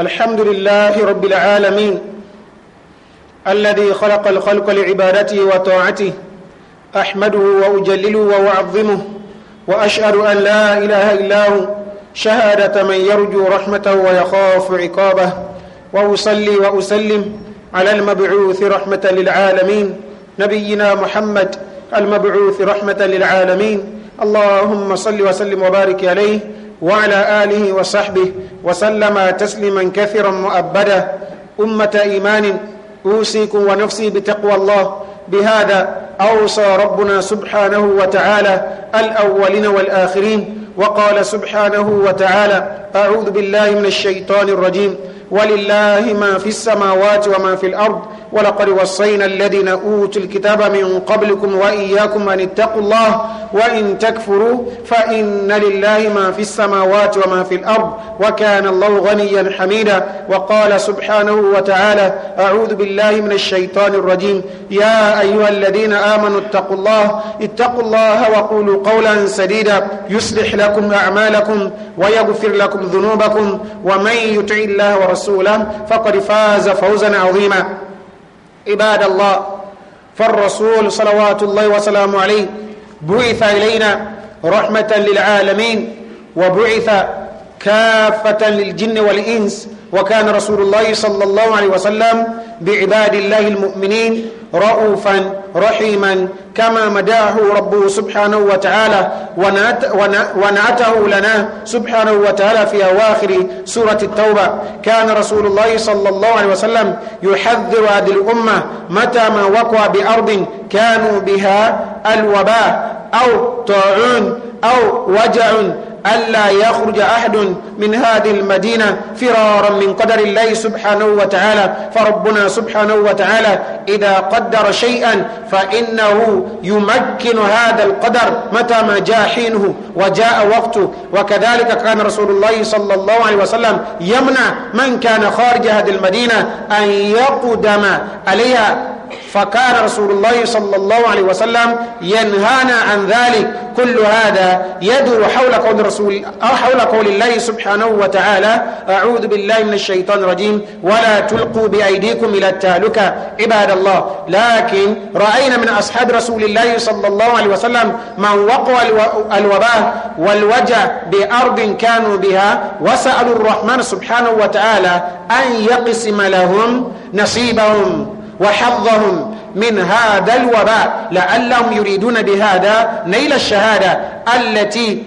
الحمد لله رب العالمين الذي خلق الخلق لعبادته وطاعته أحمده وأجلله وأعظمه وأشهد أن لا إله إلا هو شهادة من يرجو رحمته ويخاف عقابه وأصلي وأسلم على المبعوث رحمة للعالمين نبينا محمد المبعوث رحمة للعالمين اللهم صل وسلم وبارك عليه وعلى آله وصحبه وسلم تسليما كثيرا مؤبدا أمة إيمان أوصيكم ونفسي بتقوى الله بهذا أوصى ربنا سبحانه وتعالى الأولين والآخرين وقال سبحانه وتعالى أعوذ بالله من الشيطان الرجيم ولله ما في السماوات وما في الأرض ولقد وصينا الذين أوتوا الكتاب من قبلكم وإياكم أن اتقوا الله وإن تكفروا فإن لله ما في السماوات وما في الأرض وكان الله غنيا حميدا وقال سبحانه وتعالى أعوذ بالله من الشيطان الرجيم يا أيها الذين آمنوا اتقوا الله اتقوا الله وقولوا قولا سديدا يصلح لكم أعمالكم ويغفر لكم ذنوبكم ومن يطع الله ورسوله فقد فاز فوزا عظيما عباد الله فالرسول صلوات الله وسلامه عليه بعث إلينا رحمة للعالمين وبعث كافة للجن والإنس وكان رسول الله صلى الله عليه وسلم بعباد الله المؤمنين رؤوفا رحيما كما مداه ربه سبحانه وتعالى ونعته لنا سبحانه وتعالى في أواخر سورة التوبة كان رسول الله صلى الله عليه وسلم يحذر هذه الأمة متى ما وقع بأرض كانوا بها الوباء أو طاعون أو وجع ألا يخرج أحد من هذه المدينة فرارا من قدر الله سبحانه وتعالى فربنا سبحانه وتعالى إذا قدر شيئا فإنه يمكن هذا القدر متى ما جاء حينه وجاء وقته وكذلك كان رسول الله صلى الله عليه وسلم يمنع من كان خارج هذه المدينة أن يقدم عليها فكان رسول الله صلى الله عليه وسلم ينهانا عن ذلك كل هذا يدور حول قول الرسول حول قول الله سبحانه وتعالى أعوذ بالله من الشيطان الرجيم ولا تلقوا بأيديكم إلى التالكة عباد الله لكن رأينا من أصحاب رسول الله صلى الله عليه وسلم من وقع الوباء والوجع بأرض كانوا بها وسألوا الرحمن سبحانه وتعالى أن يقسم لهم نصيبهم وحظهم من هذا الوباء لعلهم يريدون بهذا نيل الشهادة التي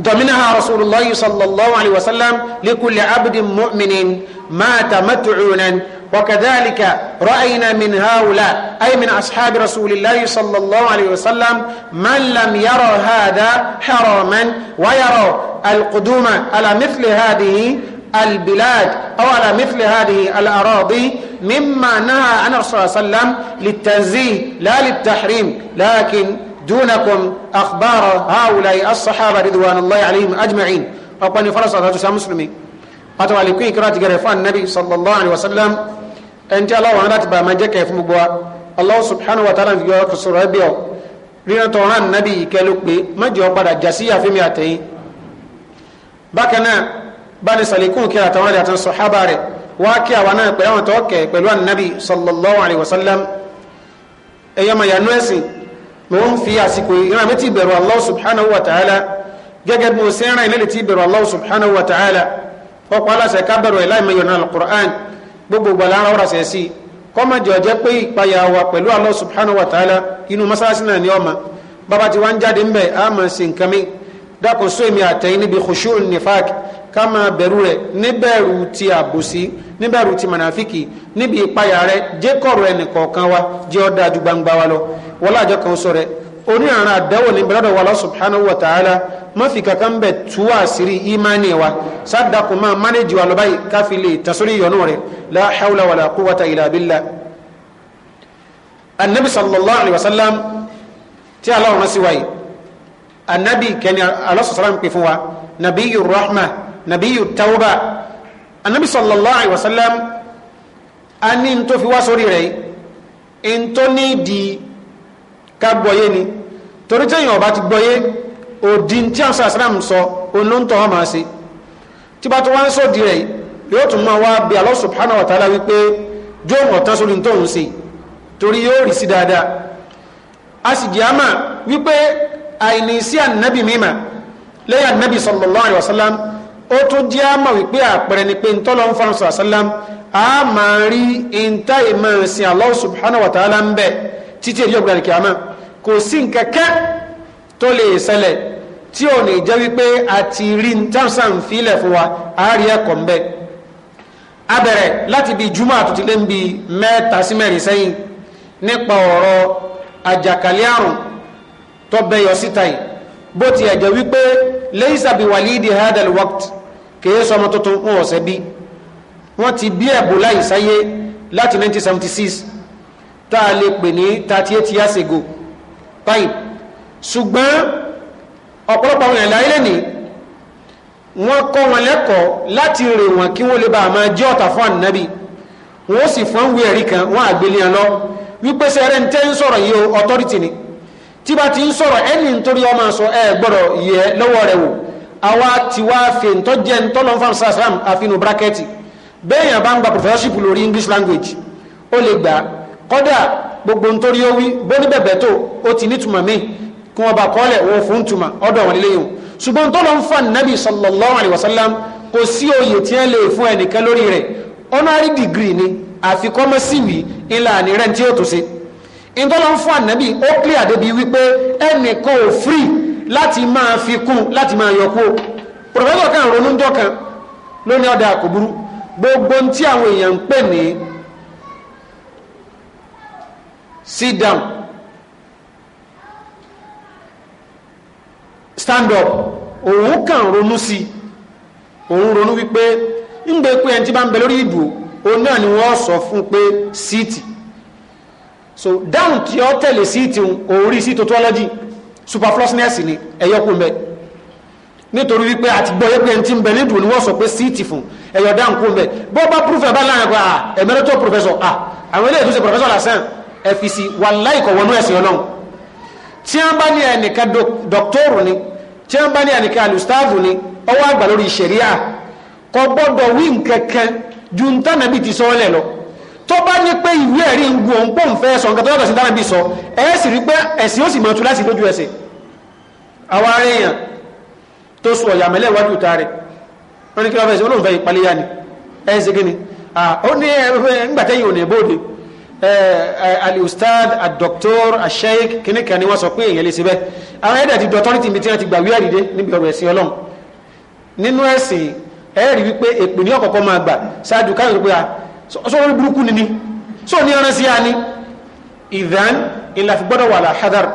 ضمنها رسول الله صلى الله عليه وسلم لكل عبد مؤمن مات متعونا وكذلك رأينا من هؤلاء أي من أصحاب رسول الله صلى الله عليه وسلم من لم يرى هذا حراما ويرى القدوم على مثل هذه البلاد أو على مثل هذه الأراضي مما نهى عنه صلى الله عليه وسلم للتنزيه لا للتحريم لكن دونكم أخبار هؤلاء الصحابة رضوان الله عليهم أجمعين أقول فرصة هذا مسلمي أتوا لكي كرات جرفان النبي صلى الله عليه وسلم أنت الله عنات بما جاك مبوا الله سبحانه وتعالى في جواب السورة بيو رينا توران النبي كالوك بي ما جواب بدا جسيا في مئتين بكنا bani salikun kí àtàwọn àti sọ̀hábà rẹ̀ wá kí àwọn náà pẹ̀lú àwọn tọ́ọ̀kẹ́ pẹ̀lú ànábì sallallahu alayhi wa sallam ẹ̀yọ́ màyà nú ẹ̀sìn mo ń fi àsìkò ìran mi ti bẹ̀rù allah subhanahu wa ta'ala gẹ́gẹ́ bí mo ṣe ń rìn lẹ́lẹ̀ ti bẹ̀rù allah subhanahu wa ta'ala ọ̀pọ̀ aláṣẹ ká bẹ̀rù ẹ̀ láì mẹ́yọ̀nà alukur'an gbogbo gbala ara ọ̀rọ̀ sẹ̀sì kọ́mọ jẹ́ pé ìpayà wa pẹ̀lú allah subhanahu wa ta'ala inú masalasi náà ni ọmọ bàbá tí wọ́n ń jáde ń bẹ̀ á máa ṣe nǹkan mi níbi khushu'un nifaq ká máa bẹ̀rù rẹ̀ níbẹ̀rù ti àbòsí níbẹ̀rù ti mànàfíkì níbi ìpayà rẹ̀ jẹ́ kọ̀rọ̀ ẹnì kọ̀ọ̀kan wa jẹ́ ọ́ dáa ju gbangba wa lọ wọ́n láàjọ kan sọ rẹ̀ oníranà àdẹ́wò ní bẹ̀rẹ̀ wà lọ subhanahu wa ta'ala má fi kankan bẹ̀ tú àṣírí ìmánì wa sádàkùn máa mánéjì wa lọ báyìí káfí lè tasórí ìyọnú rẹ̀ la hawla wala quwwata illa billah annabi rahma nàbíyù tawba anabi sallallahu alayhi wa sallam a ní n tó fi wá sórí rẹ̀ n tó ní di ká gbọ́yé ni torí tẹ́yìn ọba ti gbọ́yé òdi tí a sọ àsìlámù sọ olóńtọ̀ wọn máa ṣe tí bá tó wá ń sọ di rẹ̀ yóò tún máa wá bí Allah subhanahu wípé jóòmù ọ̀tán sórí tó ń ṣe torí yóò rí sí dáadáa a sì jẹ́ àmà wípé àìní sí ànábì mímà lẹ́yìn ànábì sallallahu alayhi ó tún jẹ́ àmà wípé àpẹẹrẹ ni pé ntọ́lọ́ ń fọ́nà sàlám a máa rí ìntà ìmọ̀ ìsìn Allah subhanahu wa ta'ala ń bẹ̀ títí èdè ọ̀gbìn àdìkì àmà kò sí nkẹ́kẹ́ tó lè ṣẹlẹ̀ tí ò ní jẹ́ wípé a ti rí ntàṣà ń filẹ̀ fún wa a rí ẹ̀kọ́ ń bẹ̀ a bẹ̀rẹ̀ láti bí júmọ̀ àtúntí ń bi mẹ́ta sí mẹ́rin sẹ́yìn nípa ọ̀rọ̀ àjàkálẹ̀ àrùn tó bẹ́yọ síta yìí bó ti ẹ̀jẹ̀ wípé laysa bi walidi hadal waqt kìí sọmọ tuntun wọn ọ̀sẹ̀ bí wọ́n ti bí ẹ̀bùlá ìsáyé láti 1976 tá a lè pè ní 38 years ago báyìí ṣùgbọ́n ọ̀pọ̀lọpọ̀ àwọn ẹ̀là ilé ní wọ́n kọ́ wọn lẹ́kọ̀ọ́ láti rè wọ́n kí wọ́n lè bá àmọ́ jẹ́ ọ̀tà fún ànábì wọ́n sì fún wí ẹ̀rí kan wọ́n àgbélé ẹ̀ lọ wípé sẹ́rẹ̀ ń tẹ́ ń sọ̀rọ̀ yìí o authority ni tí bá ti ń sọ̀rọ̀ ẹni nítorí ọmọ sọ ẹ gbọ́dọ̀ yẹ lọ́wọ́ rẹ̀ wò awa ti wá fi ntọ́jẹ́ ntọ́lọ́n fún sàlám àfihàn bírákẹ́tì bẹ́ẹ̀ yàn bá ń gba professorship lórí English language ó lè gbà kọ́dà gbogbo nítorí ó wí bóní bẹ̀bẹ̀ tó ó ti nítumọ̀ míì kí wọ́n bá kọ́lẹ̀ wọ́n fún tuma ọ̀dọ̀ wọn léyìn ṣùgbọ́n tọ́lọ́n fún nabi sallallahu alayhi wa sallam kò sí oyè tí wọ́n lè fún ẹnìkan lórí rẹ̀ honorary degree ni àfikọ́ mọ́ sí ila ni ní rẹ̀ tí ó tó ṣe ìtọ́lọ́n fún nabi ó clear débi wípé ẹnìkan ò free láti máa fi kún láti máa yọ kúrò pòròfẹ́sọ̀ kan ronú jọ kan lónìí ọ̀dà àkóbúrú gbogbo ohun tí àwọn èèyàn ń pè ní sit down stand up òun kàn ronú sí òun ronú wípé ń gbé pé ẹni tí bá ń bẹ lórí ìdùn òun náà ni wọ́n sọ fún pé síìtì so down tí ó tẹ̀lé síìtì òun rí sí tautology superfluousness ni ẹ̀yọ́ kú mẹ́ nítorí wípé àti gbọ́ yẹ́pẹ́ ẹni tí ń bẹ nídùú ni wọ́n sọ pé síìtì fún ẹ̀yọ́ dáhùn kú mẹ́ bó bá proof ẹ̀ bá láàrin pé ah, emeritus professor à ah, àwọn ilé ìtúnṣe professor lásán fec wà láìkọ̀ wọnú ẹ̀sìn ọlọ́run tí wọ́n bá ní ẹnìkan dọ́kítọ́rù ni tí wọ́n bá ní ẹnìkan alustaafu ni ọwọ́ àgbà lórí ìṣẹ̀ríà kò gbọ́dọ̀ wí nkankan ju ntànàbí ti sọ́ọ́lẹ̀ lọ tó bá ní pé ìwé ẹ̀rí ń gun òǹpọ̀ ń fẹ́ sọ nǹkan tó yàtọ̀ sí dára bí sọ ẹ̀ sì rí pé ẹ̀sìn ó sì mọ̀tún láti lójú ẹsẹ̀ àwọn ará èèyàn tó sọ ọ̀yà mẹ́lẹ̀ iwájú ta rẹ̀ wọ́n ní kí wọ́n fẹ́ sọ olóhùn fẹ́ ìpaléyà ni ẹ̀ ṣe kí ni ó ní ẹgbàtẹ́ yìí ò ní bóde alustad adoktor asheik kìnnìkan ni wọ́n sọ pé èèyàn lè ṣe bẹ́ẹ̀ àwọn ẹ̀dẹ̀ ti dọ̀tọ́rìtì mi tí wọ́n ti gbà wíyà dìde níbi ọ̀rọ̀ ẹ̀sìn ọlọ́run nínú ẹ̀sìn ẹ̀rí wípé èpè ní ọ̀kọ̀ọ̀kọ̀ máa gbà ṣáájú káyọ̀ pé sọ́wọ́n burúkú ni ni sọ́wọ́n ní ẹran sí ya ni ìdán ìlà fi gbọ́dọ̀ wà lá hadar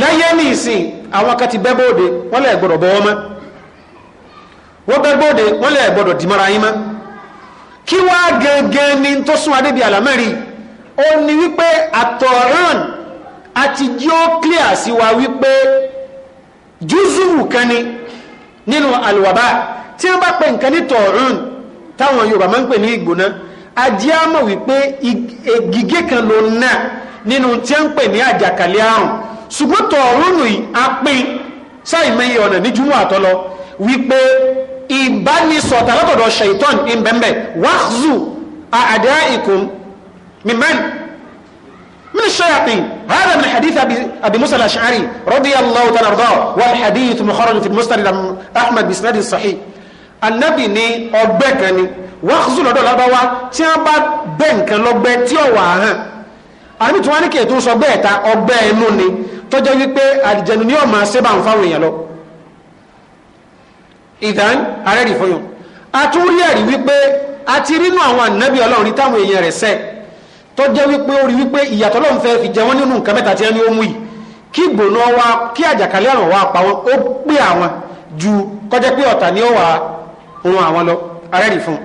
láyé ní ìsìn àwọn kan ti bẹ́ bóde wọ́n lè gbọ́dọ̀ bọ́ ọmọ wọ́n bẹ́ bóde wọ́n lè gbọ́dọ̀ dìmọ́ra yín mọ́ kí clear sí wa wípé júzùwù kan ni nínú àlùwàbá tí wọ́n bá pè nǹkan ní tọ̀rán táwọn Yorùbá máa ń pè ní ìgbóná ajé àmọ̀ wípé gígé kan ló ná nínú tí a ń pè ní àjàkálẹ̀ àrùn ṣùgbọ́n tọ̀ọ̀rùn yìí a pín sáìmẹ́yẹ ọ̀nà ní júmọ́ àtọ́lọ wípé ìbánisọ̀tà látọ̀dọ̀ ṣaitan ìbẹ̀m̀bẹ̀ wáxù àdá ìkùn mímẹ́rin من الشياطين هذا من حديث أبي, أبي موسى الأشعري رضي الله تعالى عنه والحديث مخرج في المسند أحمد بإسناد صحيح anabi ní ọgbẹ́ kan ni wákùsù lọ́dọ̀ lábáwá tí wọ́n bá bẹ́ nǹkan lọ́gbẹ́ tí ọ̀wà hàn àmì tí wọ́n ní kìí tó sọ bẹ́ẹ̀ ta ọgbẹ́ ẹnu ni tọ́jọ́ wípé àdìjẹnu ní ọ̀mà ṣe bá ń fáwọn èèyàn lọ ìdán arẹ́rì fọyàn a tún rí ẹ̀rí wípé a ti rínú àwọn ànábì ọlọ́run táwọn èèyàn rẹ̀ sẹ́ tọ́jọ́ wípé ó wípé ìyàtọ̀ lọ́n fẹ́ fi jẹ wọ́n nínú nǹkan mẹ́ta tí wọ́n ní ó mú yìí kí gbòná wa kí àjàkálẹ̀ ọ̀ràn wa pa wọn ó pè àwọn ju kọjá pé ọ̀tà ni ó wà òun àwọn lọ arẹ́rì fún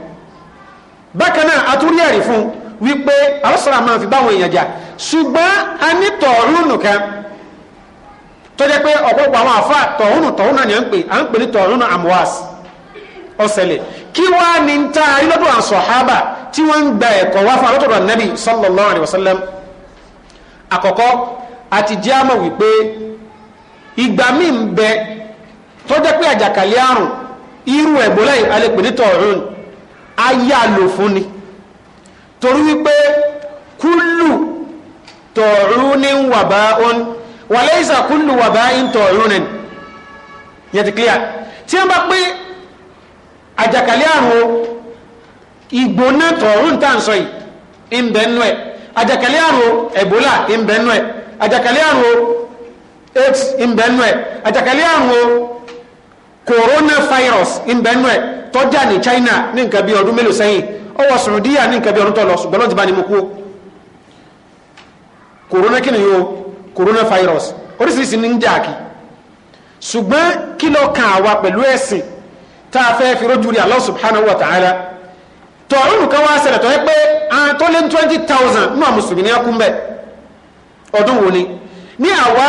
bákan náà atúrí ẹ̀rí fún wípé arọ́sára máa fi báwọn èèyàn jà ṣùgbọ́n a ní tọ̀ọ̀rùnù kan tó jẹ́ pé ọ̀pọ̀pọ̀ àwọn àfa tọ̀ọ̀rùnù tọ̀ọ̀rùnù ni à ń pè à ń pè ní tọ̀ọ̀rùnù amwas nabi sallallahu alayhi wa sallam àkọ́kọ́ àti jẹ́ àmọ̀ wípé ìgbà míì ń bẹ tó jẹ́ pé àjàkálẹ̀ àrùn irú ebola alẹ́pẹ̀lẹ́tọ̀ ọ̀run fún ni torí wípé kúlù tọ̀ọ̀rún ní wàbá ọ́n wà lẹ́yìnsà kúlù wàbá ń ti clear tí wọ́n bá pé àjàkálẹ̀ àrùn ìgbóná tọ̀ọ̀rún tá à ẹ̀ àjàkálẹ̀ àrùn ẹ̀bọ́là ń ẹ̀ coronavirus ìbẹ̀nú ẹ̀ tọ́jà ní China ní nǹkan bí ọdún mélòó sẹ́yìn ó wọ Saudiya ní nǹkan bí ọdún tó lọ ṣùgbọ́n lọ́n bá ní mú kú corona kí ni yóò coronavirus oríṣiríṣi ní ń jà kí ṣùgbọ́n kí ló kan àwa pẹ̀lú ẹ̀sìn tá a fẹ́ fi rójú rí Allah subhanahu wa ta'ala tọ̀rún kan wá ṣẹlẹ̀ tọ́ yẹ pé àwọn tó lé twenty thousand nínú àmùsùlùmí ní ẹkún bẹ́ẹ̀ ọdún wo ni ní àwa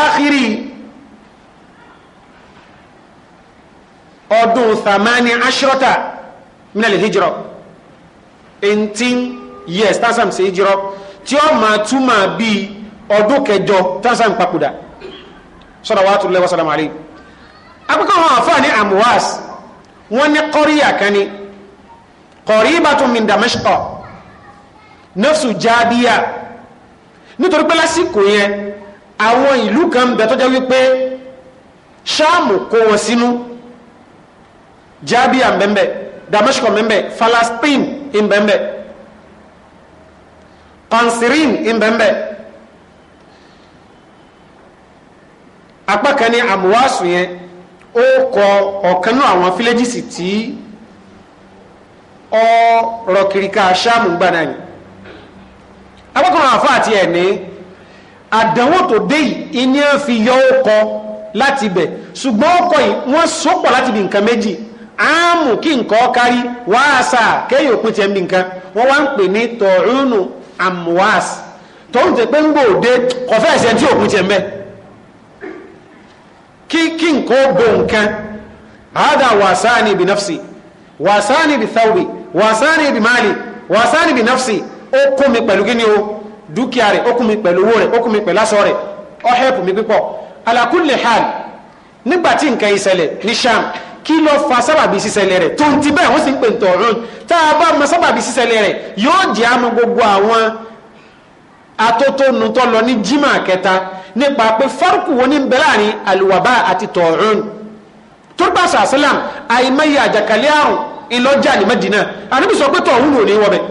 ọdún samani ashrota minal hijra eighteen years tasam sí hijra tí ó máa túmọ̀ bíi ọdún kẹjọ tasam papòdà salawatullahi wa salam alayhi akpẹ́kọ̀ àwọn àfáà ní amuwas wọ́n ní kọ́ríyà kani ní qaribatun min Damashqa nafsu jábíyà nítorí pé lásìkò yẹn àwọn ìlú kan bẹ̀ tọ́já wípé ṣáàmù kó wọn sínú jaabiya mbembe, damashiko mbembe, falastin imbembe, kansirin imbembe. apá kan ní amuwasu yẹn ó kọ ọ̀kan náà àwọn fílẹ́jìsì tí ọ rọ kiriká sáàmù gbàdá yìí abọ́kùnrin àfa àti ẹ̀ní àdánwò tó dé yìí ní ẹ fi yọ ó kọ láti bẹ̀ ṣùgbọ́n ó kọ yìí wọ́n sọ́pọ̀ láti bí nǹkan méjì áàmù kí nǹkan kárí wáàsà kéyìn òpin tiẹ̀ mbí nǹkan wọ́n wá ń pè ní tọ̀rúnù àmúwàs tọ́hún ti pé ń gbòde kọfẹ́ ẹ̀sẹ̀ tí òpin tiẹ̀ mbẹ́ kí kí nǹkan ó bo nǹkan hada wàsáni bi nafsi wàsáni bi thawbi wàsáni bi mali wàsáni bi ó mi pẹ̀lú o dúkìá rẹ̀ ó kún mi pẹ̀lú owó rẹ̀ ó kún mi pẹ̀lú aṣọ rẹ̀ mi pípọ̀ ala kulli nǹkan ìṣẹ̀lẹ̀ ní sham kí ló fa sábàbí sísẹlẹ̀ rẹ̀ tó ń ti bẹ́ẹ̀ wọ́n sì ń pè tọ̀rún tá a bá mọ sábàbí sísẹlẹ̀ rẹ̀ yóò jẹ́ àmọ́ gbogbo àwọn atótónu tó lọ ní jimá kẹta nípa pé fárúkù wo ní ń bẹ láàrin àlùwàbá àti tọ̀rún tó bá sàásílám àìmọye àjàkálẹ̀ àrùn ìlọ́jà ní Mẹ́dínà àníbi sọ pé tọ̀rún ò ní wọ́bẹ̀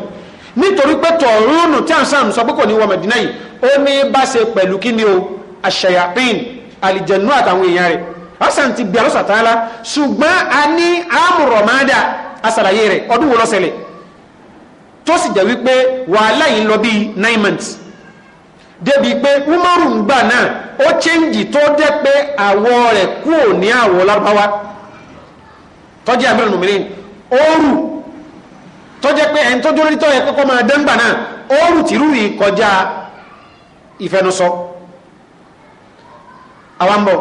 nítorí pé tọ̀rún tí à ń sàn sọ pé kò ní wọ Mẹ́dínà yìí ó ní bá ṣe pẹ̀lú kí ni o àṣàyàpín àlìjẹ̀nú àtàwọn èèyàn rẹ̀ ọ̀sán ti bẹ̀rù sọ̀tàlá ṣùgbọ́n a ní amúrọ̀mádà asàlàyé rẹ̀ ọdún wo ló ṣẹlẹ̀ tó sì jẹ́ wípé wàhálà yìí lọ bíi nine months débi pé umaru ń gbà náà ó chẹ́ǹgì tó dẹ́ pé àwọ̀ rẹ̀ kúò ní àwọ̀ lárúbáwá tọ́jú àmìlẹ̀ nùmílẹ̀ ooru tó jẹ́ pé ẹni tó dúró nítọ́ yẹ kọ́kọ́ máa dẹ́ngbà náà ooru tìrú rí kọjá ìfẹnusọ àwọn bọ̀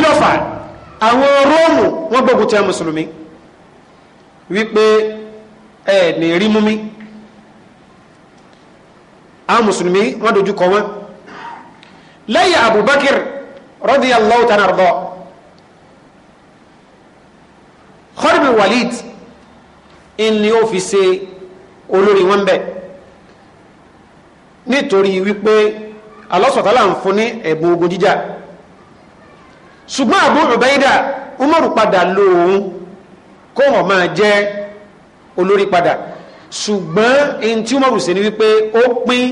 kí ló fà àwọn róòmù wọ́n gbógun ti mùsùlùmí wípé ẹ ní rí mú mi àwọn mùsùlùmí wọ́n dojú kọ wọn lẹ́yìn abubakar radiyallahu ta'ala arda Khalid bin Walid in ni ó fi ṣe olórí wọn bẹ̀ nítorí wípé alọ́sọ̀tálà ń fún ní ẹ̀bùn ogun jíjà ṣùgbọ́n Abu Ubaida Umaru padà lo kó wọn máa jẹ́ olórí padà ṣùgbọ́n ẹni tí Umaru ṣe ni wípé ó pín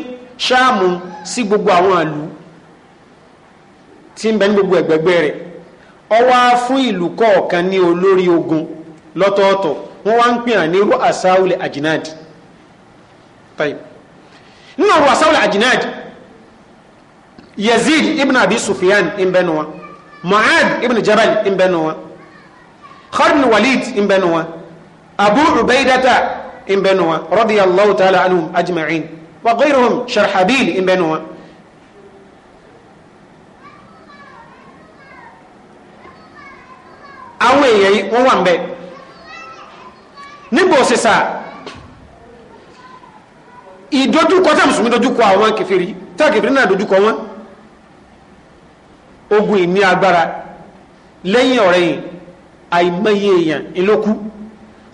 ṣáàmù sí gbogbo àwọn alu tí ń bẹ ní gbogbo ẹ̀gbẹ̀gbẹ̀ rẹ̀ fún ìlú kọ̀ọ̀kan ní olórí ogun lọ́tọ̀ọ̀tọ̀ wọ́n wá ń pín àníró àsáwùlẹ̀ àjìnáàdì nínú ọ̀rọ̀ àjìnáàdì Yazid ibn Abi Sufyan ń bẹ́nu wọn Mu'adh ibn Jabal ń bẹ nu wọn Khalid Walid ń bẹ nu wọn Abu Ubaidata ń bẹ nu wọn radiyallahu ta'ala anhum ajma'in wa ghayruhum Sharhabil ń bẹ nu wọn. àwọn èèyàn yìí wọ́n wà ń bẹ níbo sísà ìdójúkọ tá mùsùlùmí dojúkọ àwọn kèfèrí tá kèfèrí náà dojúkọ wọn ogun ìní agbára lẹ́yìn ọ̀rẹ́ yìí àìmọye èèyàn ìlókù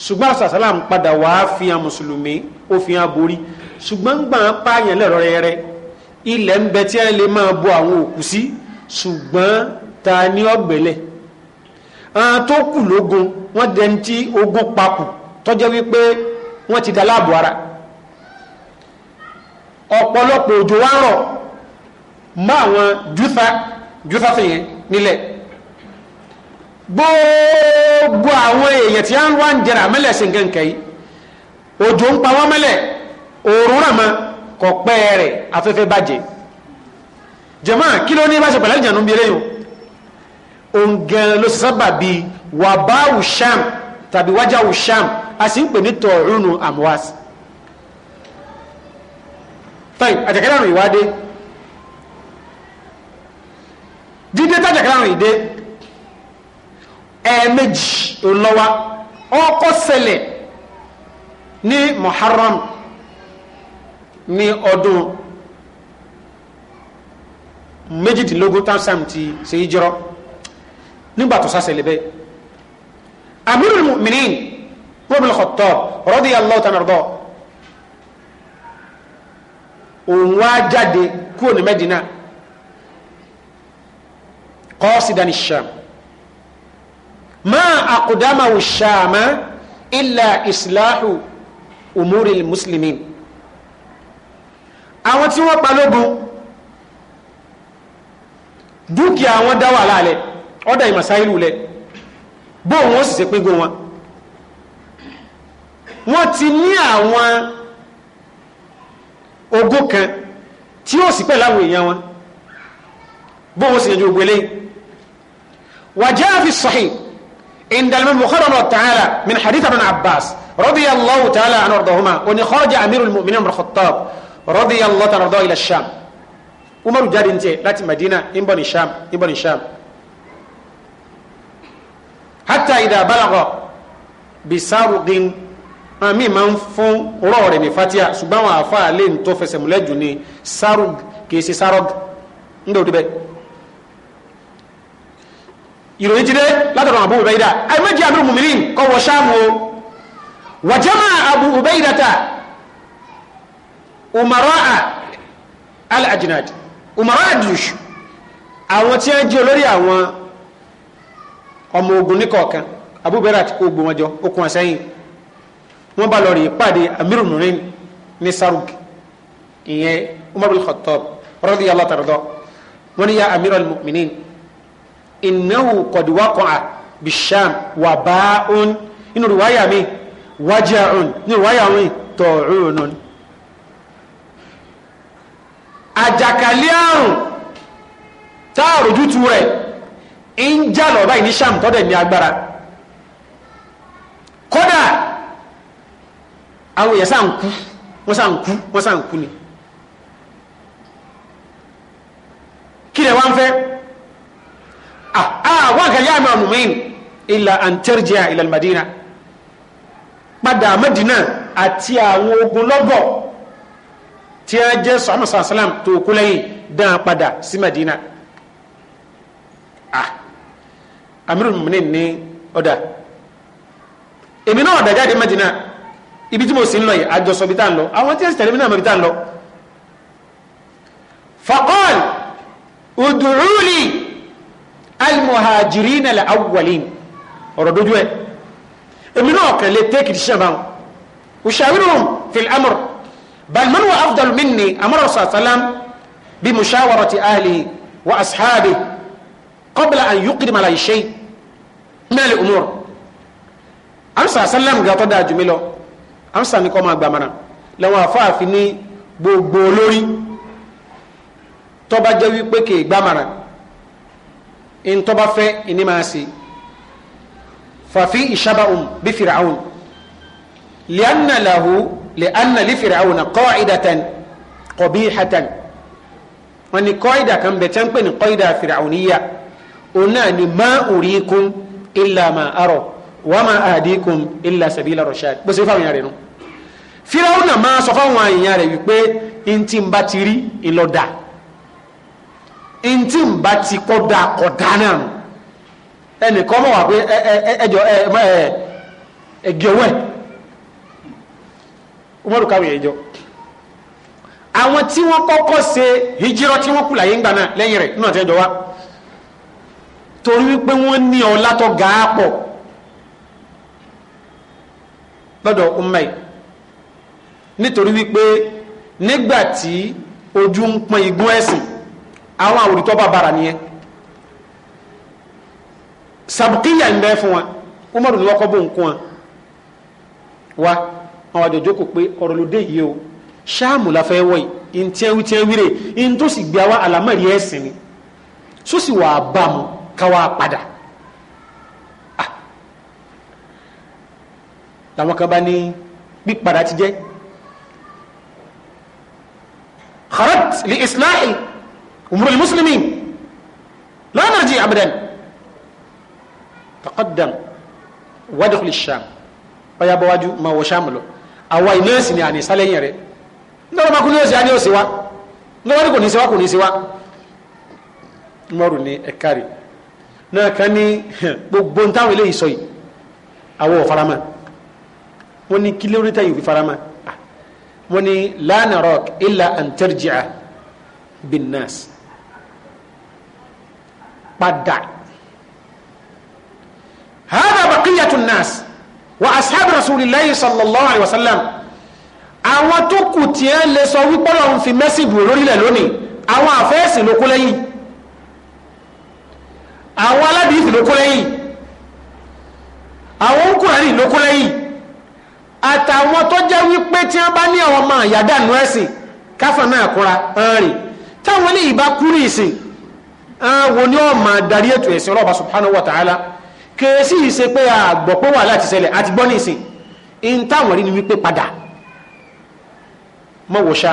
ṣùgbọ́n àṣàṣàlà ń padà wá fi hàn mùsùlùmí ó fi hàn borí ṣùgbọ́n gbà ń pààyàn lẹ́rọ rẹrẹ ilẹ̀ ń bẹ tí wọ́n lè máa bo àwọn òkú sí ṣùgbọ́n ta ni ọ̀gbẹ́lẹ̀ àwọn tó kù lógun wọ́n dẹni tí ogun papù tọ́jọ́ wípé wọ́n ti da ara ọ̀pọ̀lọpọ̀ òjò wá mọ́ àwọn jútha ju sáfìn yẹn nílẹ̀ gbogbo àwọn èèyàn tí wọ́n wá ń jẹrà mẹ́lẹ̀ sí nǹkan kẹ́ yìí òjò ń pa wọ́n mẹ́lẹ̀ òórùn rà mọ́ kọ̀ pẹ́ rẹ̀ afẹ́fẹ́ bàjẹ́ jẹ̀mọ́ kí ló ní bá ṣe pẹ̀lẹ́ ìjànú bí eléyìí òǹgẹ̀ ló sábà bí wàbáwù sham tàbí wájáwù sham a sì ń pè ní tọ̀ọ̀rùnù àmúwásí. táyì àjẹkẹ́lẹ́ àrùn ìwádé dídé tájà kárùn ìdé ẹ̀ẹ̀mejì òlọ́wà ọkọ̀ ṣẹlẹ̀ ní Muharram ní ọdún méjìdínlógún tánṣàm ti ṣe é jọrọ nígbà tó sásẹ̀lẹ̀ bẹ́ẹ̀ Amirul Mu'minin Umar al-Khattab radiyallahu ta'ala anhu òun wá jáde kúrò ní Mẹ́dínà قاصدا الشام ما أقدمه الشام إلا إصلاح أمور المسلمين àwọn tí wọ́n palógun dúkìá wọn dá wà láàlẹ̀ ọ̀dà ìmọ̀sáìlú lẹ̀ bó wọn sì ṣe pín gún wọn wọ́n ti ní àwọn ogún kan tí ó sì pẹ̀ láwọn èèyàn wọn bó wọn sì yanjú ogun eléyìí وجاء في الصحيح عند المخرم تعالى من حديث ابن عباس رضي الله تعالى عن وارضاهما وان خرج امير المؤمنين عمر الخطاب رضي الله تعالى عنه الى الشام عمر جاد انت لات مدينه ان بني الشام ان بني الشام حتى اذا بلغ بسرق àmì máa ń fún rọ́ rẹ̀ ní fatia ṣùgbọ́n àwọn àfa àlè ń tó fẹsẹ̀ múlẹ̀ ìròyìn ti dé látọ̀rọ̀ àbú ubaida ẹ méjì àmì mùmìnín kọ́ wọ ṣáàmù o wà jẹ́mà àbú ubaida ta umara al-ajinad umara adush àwọn tí wọ́n jẹ́ olórí àwọn ọmọ ogun ní kọ̀ọ̀kan àbú ubaida ti kó gbọ́n jọ okùn àsẹ́yìn wọ́n bá lọ pàdé amiru nurin ní saruk ìyẹn umar bin khattab radiyallahu ta'ala wọ́n ní ya amiru al innahu qad waqa'a bisham waba'un inú riwaya mi waja'un ni riwaya mi ta'unun àjàkálẹ̀ àrùn tá a taa rẹ̀ ń jà lọ báyìí ini sham to de ni agbara àwọn èèyàn sáà ń kú wọ́n sáà ń ni kí lè wá àwọn ah, ah, kan yá ìmáàmù mi ilà antarjia ilà madina padà madina àti àwọn ogun lọ́gọ̀ tí a jẹ́ sọ́mọ́ sàlám tó kú lẹ́yìn dán padà sí madina ah amirul mu'minin ní ọ̀dà èmi náà ọ̀dà jáde madina ibi tí mo sì ń lọ yìí àjọsọ bí tá lọ àwọn tí ẹ sì tẹ̀lé mi náà mọ̀ bí tá lọ faqal ud'uli almuhajirin al-awwalin ọ̀rọ̀ dojú ẹ̀ èmi náà kàn lè tẹ́kì tí ṣe báwọn ushawiruhum fil amr bal man wa afdal minni amara sallam bi mushawarati ahlihi wa ashabihi qabla an yuqdima ala shay min al-umur amsa sallam ga tó dáa jù lọ amsa ni kọ́ máa gbàmọ́ra làwọn afáàfin ní gbogbo olórí tó bá jẹ́ wípé kì í ntọba fẹ́ ẹni máa ṣe fàfi ìṣàbàwùn bí fìràwùn lẹ́ànà làwù lẹ́ànà lè fìràwùn kọ́ ìdàtàn kọ̀bí hàtàn wọn ni kọ́ ìdà kan bẹ̀ tẹ́ ń pè ní kọ́ ìdà fìràwùn yíyà òun náà ni má òrìkún ilà má arọ wà má àdínkùn ilà sàbílà rọṣad bó ṣe fáwọn yàrá rẹ nù fìràwùn náà máa sọ fáwọn àyìnyàn rẹ wípé ntí ntí n bá ti kọ́ da ọ̀dà náà nù ẹnìkan mọ̀ wá pé ẹ ẹ ẹjọ ẹ ẹ ẹ ẹgẹwẹ́ umaru káwé ẹjọ àwọn tí wọ́n kọ́kọ́ ṣe hijirọ́ tí wọ́n kú láyé ńgbà náà lẹ́yìn rẹ̀ nínú àtẹ́jọ wa torí wípé wọ́n ní ọlá tó ga pọ̀ lọ́dọ̀ umar nítorí wípé nígbà tí ojú ń pọn igun ẹ̀sìn àwọn àwòrítọ́ bá bára ní ẹ sàbùkíyà ń bẹ fún wa umaru ni wọ́kọ́ bó ń kún wa wa àwọn àjọ jókòó pé ọ̀rọ̀ ló dé yìí o ṣáàmù la fẹ́ wọ̀ yìí ntí ẹwí tí ẹwí ń tó sì gbé wa àlámọ̀rí ẹ̀sìn ni só sì wà bá mu ká wá padà ah. làwọn kan bá ní pípadà ti jẹ́ kharat li islahi. أمور المسلمين لا نرجع أبدا تقدم وادخل الشام ويا بواجو ما هو شامله أو أي ناس يعني سالين يري نرى ما كل يعني أو سوا نرى كوني سوا كوني سوا mọ́rùn ní ẹ̀kárì náà kan ní gbogbo ń táwọn eléyìí sọ yìí àwọn ò farama wọ́n ní kí lóríta yìí fi farama ah. wọ́n ní la narak illa an tarji'a bin nas padà hada baqiyatu nas wa ashab rasulillahi sallallahu alaihi wasallam àwọn tó kù tí ẹ lè sọ wípé Ọlọ́run fi mẹ́sìn dùn lórílẹ̀ lónìí àwọn àfẹ́ẹ̀sìn ló kó lẹ́yìn àwọn aládìísì ló kó lẹ́yìn àwọn òkúrẹ́rì ló kó lẹ́yìn àtàwọn tó jẹ́ wípé tí wọ́n bá ní àwọn ọmọ àyádànú ẹ̀sìn káfà náà kúra táwọn ilé ìbá kúrì ìsìn àwọn ní ọmọ darí ètò ẹ̀sìn ọlọ́ọ̀bá subhanahu wa ta'ala kèésì ìse pé àgbọ̀ pé wà láti ṣẹlẹ̀ àti gbọ́ ní ìsìn in táwọn rí ni wípé padà mọ́ wòṣá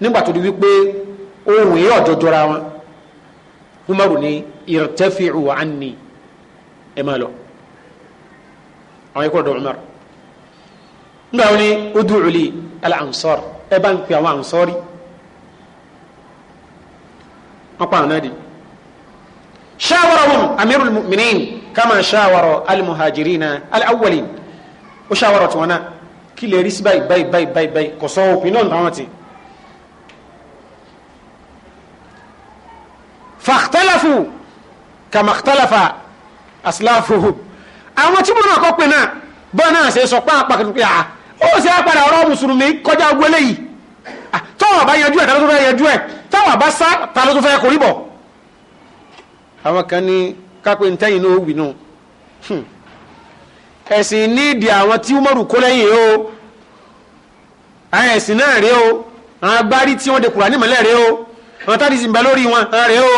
nígbà tó di wípé ohun èyí ọ̀dọ́dọ́ra wọn Umaru ní irtafi'u anni ẹ máa lọ àwọn Umar nígbà wọn ni li al-ansar ẹ bá ń pè àwọn ansari wọ́n pa àwọn náà di. shawarahum amirul mu'minin kama shawara almuhajirina alawwalin ó shawara tiwọn náà kí lè rí sí báyìí báyìí báyìí báyìí báyìí kò sọ òpin náà táwọn ti. fakhtalafu kama ikhtalafa aslafuhum àwọn tí mo náà kọ́ pé náà bọ́ọ̀ náà ṣe sọ pé àpàkàtúntì ah, à ó sì á padà ọ̀rọ̀ mùsùlùmí kọjá gbọ́lé táwọn bá yanjú ẹ̀ tàbí tó fẹ́ yanjú ẹ̀ táwọn bá sá tàbí tó fẹ́ korí bọ̀. àwọn kan ní kápẹ́ ntẹ́yìn náà wì nù hmm. ẹ̀sìn nídìí àwọn tí Umaru kó lẹ́yìn o àwọn ẹ̀sìn náà rèé o àwọn agbárí tí wọ́n de Kùránì mọ́lẹ̀ rèé o àwọn táàdì sì ń bẹ lórí wọn rèé o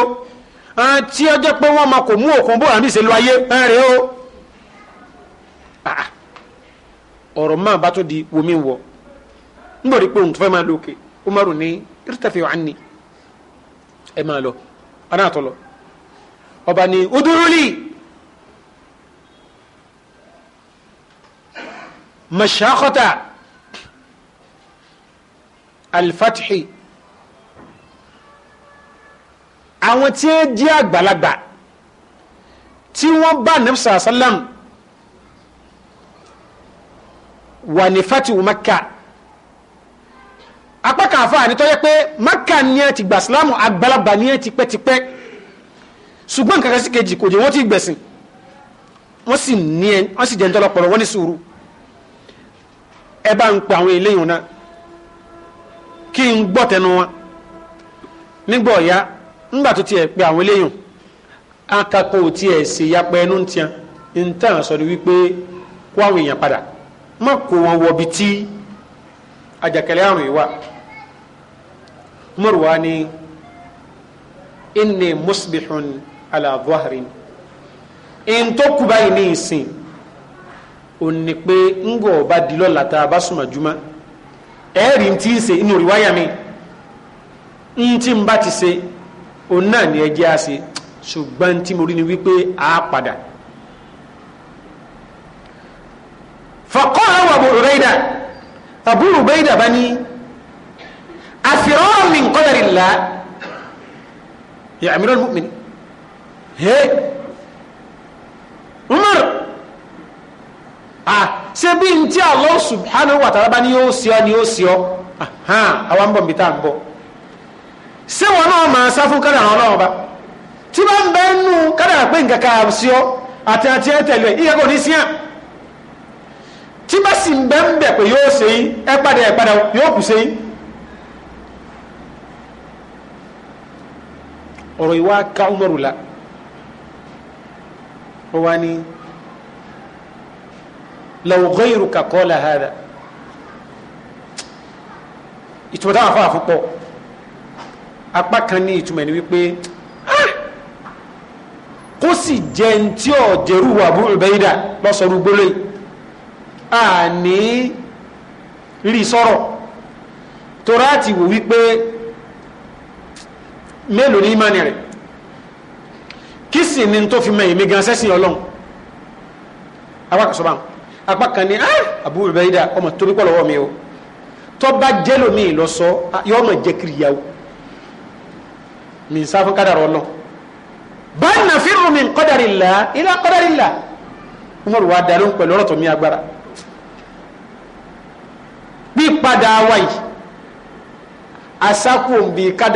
àwọn tí ọjọ́ pé wọ́n máa kò mú òkun bó àmì ìṣèlú ayé rèé o ah, ah. ọ̀rọ̀ máa bá tó di wòmí wọ̀ nígbà tí pé òun tó fẹ́ máa lókè umaru ní irtafi anni ẹ máa lọ aná àtọ lọ ọba ní uduruli mashakota alfathi àwọn tí ó jẹ́ àgbàlagbà tí wọ́n bá nafsa sallam wà ní fatihu makka apá ka àfa yẹ pé maka ni ẹ ti gbà sílámù àgbàlagbà ni ẹ tipẹ́tipẹ́ ṣùgbọ́n nǹkan kan sí kejì kò jẹ́ wọ́n ti gbẹ̀sìn wọ́n sì ní ẹ wọ́n sì jẹ́ nítorí ọpọlọ wọ́n ní sùúrù ẹ bá ń pa àwọn eléyìí náà n gbọ́ tẹnu wọn nígbà ọ̀yá nígbà tó tiẹ̀ pe àwọn eléyìí akakọ tiẹ̀ ṣe yapẹ́ ẹnu tiẹ̀ ń tàn wípé kó àwọn èèyàn padà má kó wọn wọ bi tí umar wa ni inni musbihun ala dhahrin in tó kú báyìí ní ìsìn ò ní pé ńgọ̀ ọba di lọ́la tá a bá súnmọ́ jùmọ́ ẹ̀ẹ́rì ń tí ń ṣe inú rìwáyà mi ń tí ń bá ti ṣe òun náà ni ẹjẹ́ á ṣe ṣùgbọ́n tí mo ni wípé a padà. faqala Abu Ubayda Abu Ubayda bá ní asirọ́ọ̀ min qadarillah ya amiral mu'minin he umar ah ṣe bí n tí Allah subhanahu wa ta'ala bá ní yóò sí ọ ní yóò sí ọ àwọn bọ̀ nbí tá a bọ̀ ṣé wọn náà máa sá fún kádàrà ọlọ́run bá tí bá ń bẹ nù kádàrà pé nǹkan kan sí ọ àti àti ẹ tẹ̀lé ìyẹn kò ní sí àn tí bá sì ń bẹ ń bẹ pé yóò ṣe yín ẹ padà ẹ padà yóò kù ṣe yín ọ̀rọ̀ ìwà ká Umaru la ó wá ní law ghayruka qala hadha ìtumọ̀ táwọn afọ àfọpọ̀ apá kan ní ìtumọ̀ ẹni wípé ah! kó sì jẹ ntí ọ̀ jẹrú wà Abu Ubaida lọ́sọ̀rọ̀ gbólóyè àní rí sọ̀rọ̀ torá ti wò wípé mélòó ní ìmánì rẹ̀ kí sì ni tó fi mẹ́yìn mi gan sẹ́sìn ọlọ́run apá kan sọ báwọn apá kan ní àbúrò bẹ́ẹ̀ dá ọmọ torí pọ̀ lọ́wọ́ mi o tó bá jẹ́ lómi ìlọsọ ah, yọ ọmọ jẹ́ kiri yàwó mi n sáfún kádàrà ọlọ́run bá nàfírù mi kọ́dàrí là ilá kọ́dàrí là wọ́n rò wá darí pẹ̀lú ọ̀rọ̀ tó mi agbára bí padà wáyé asákò ń kan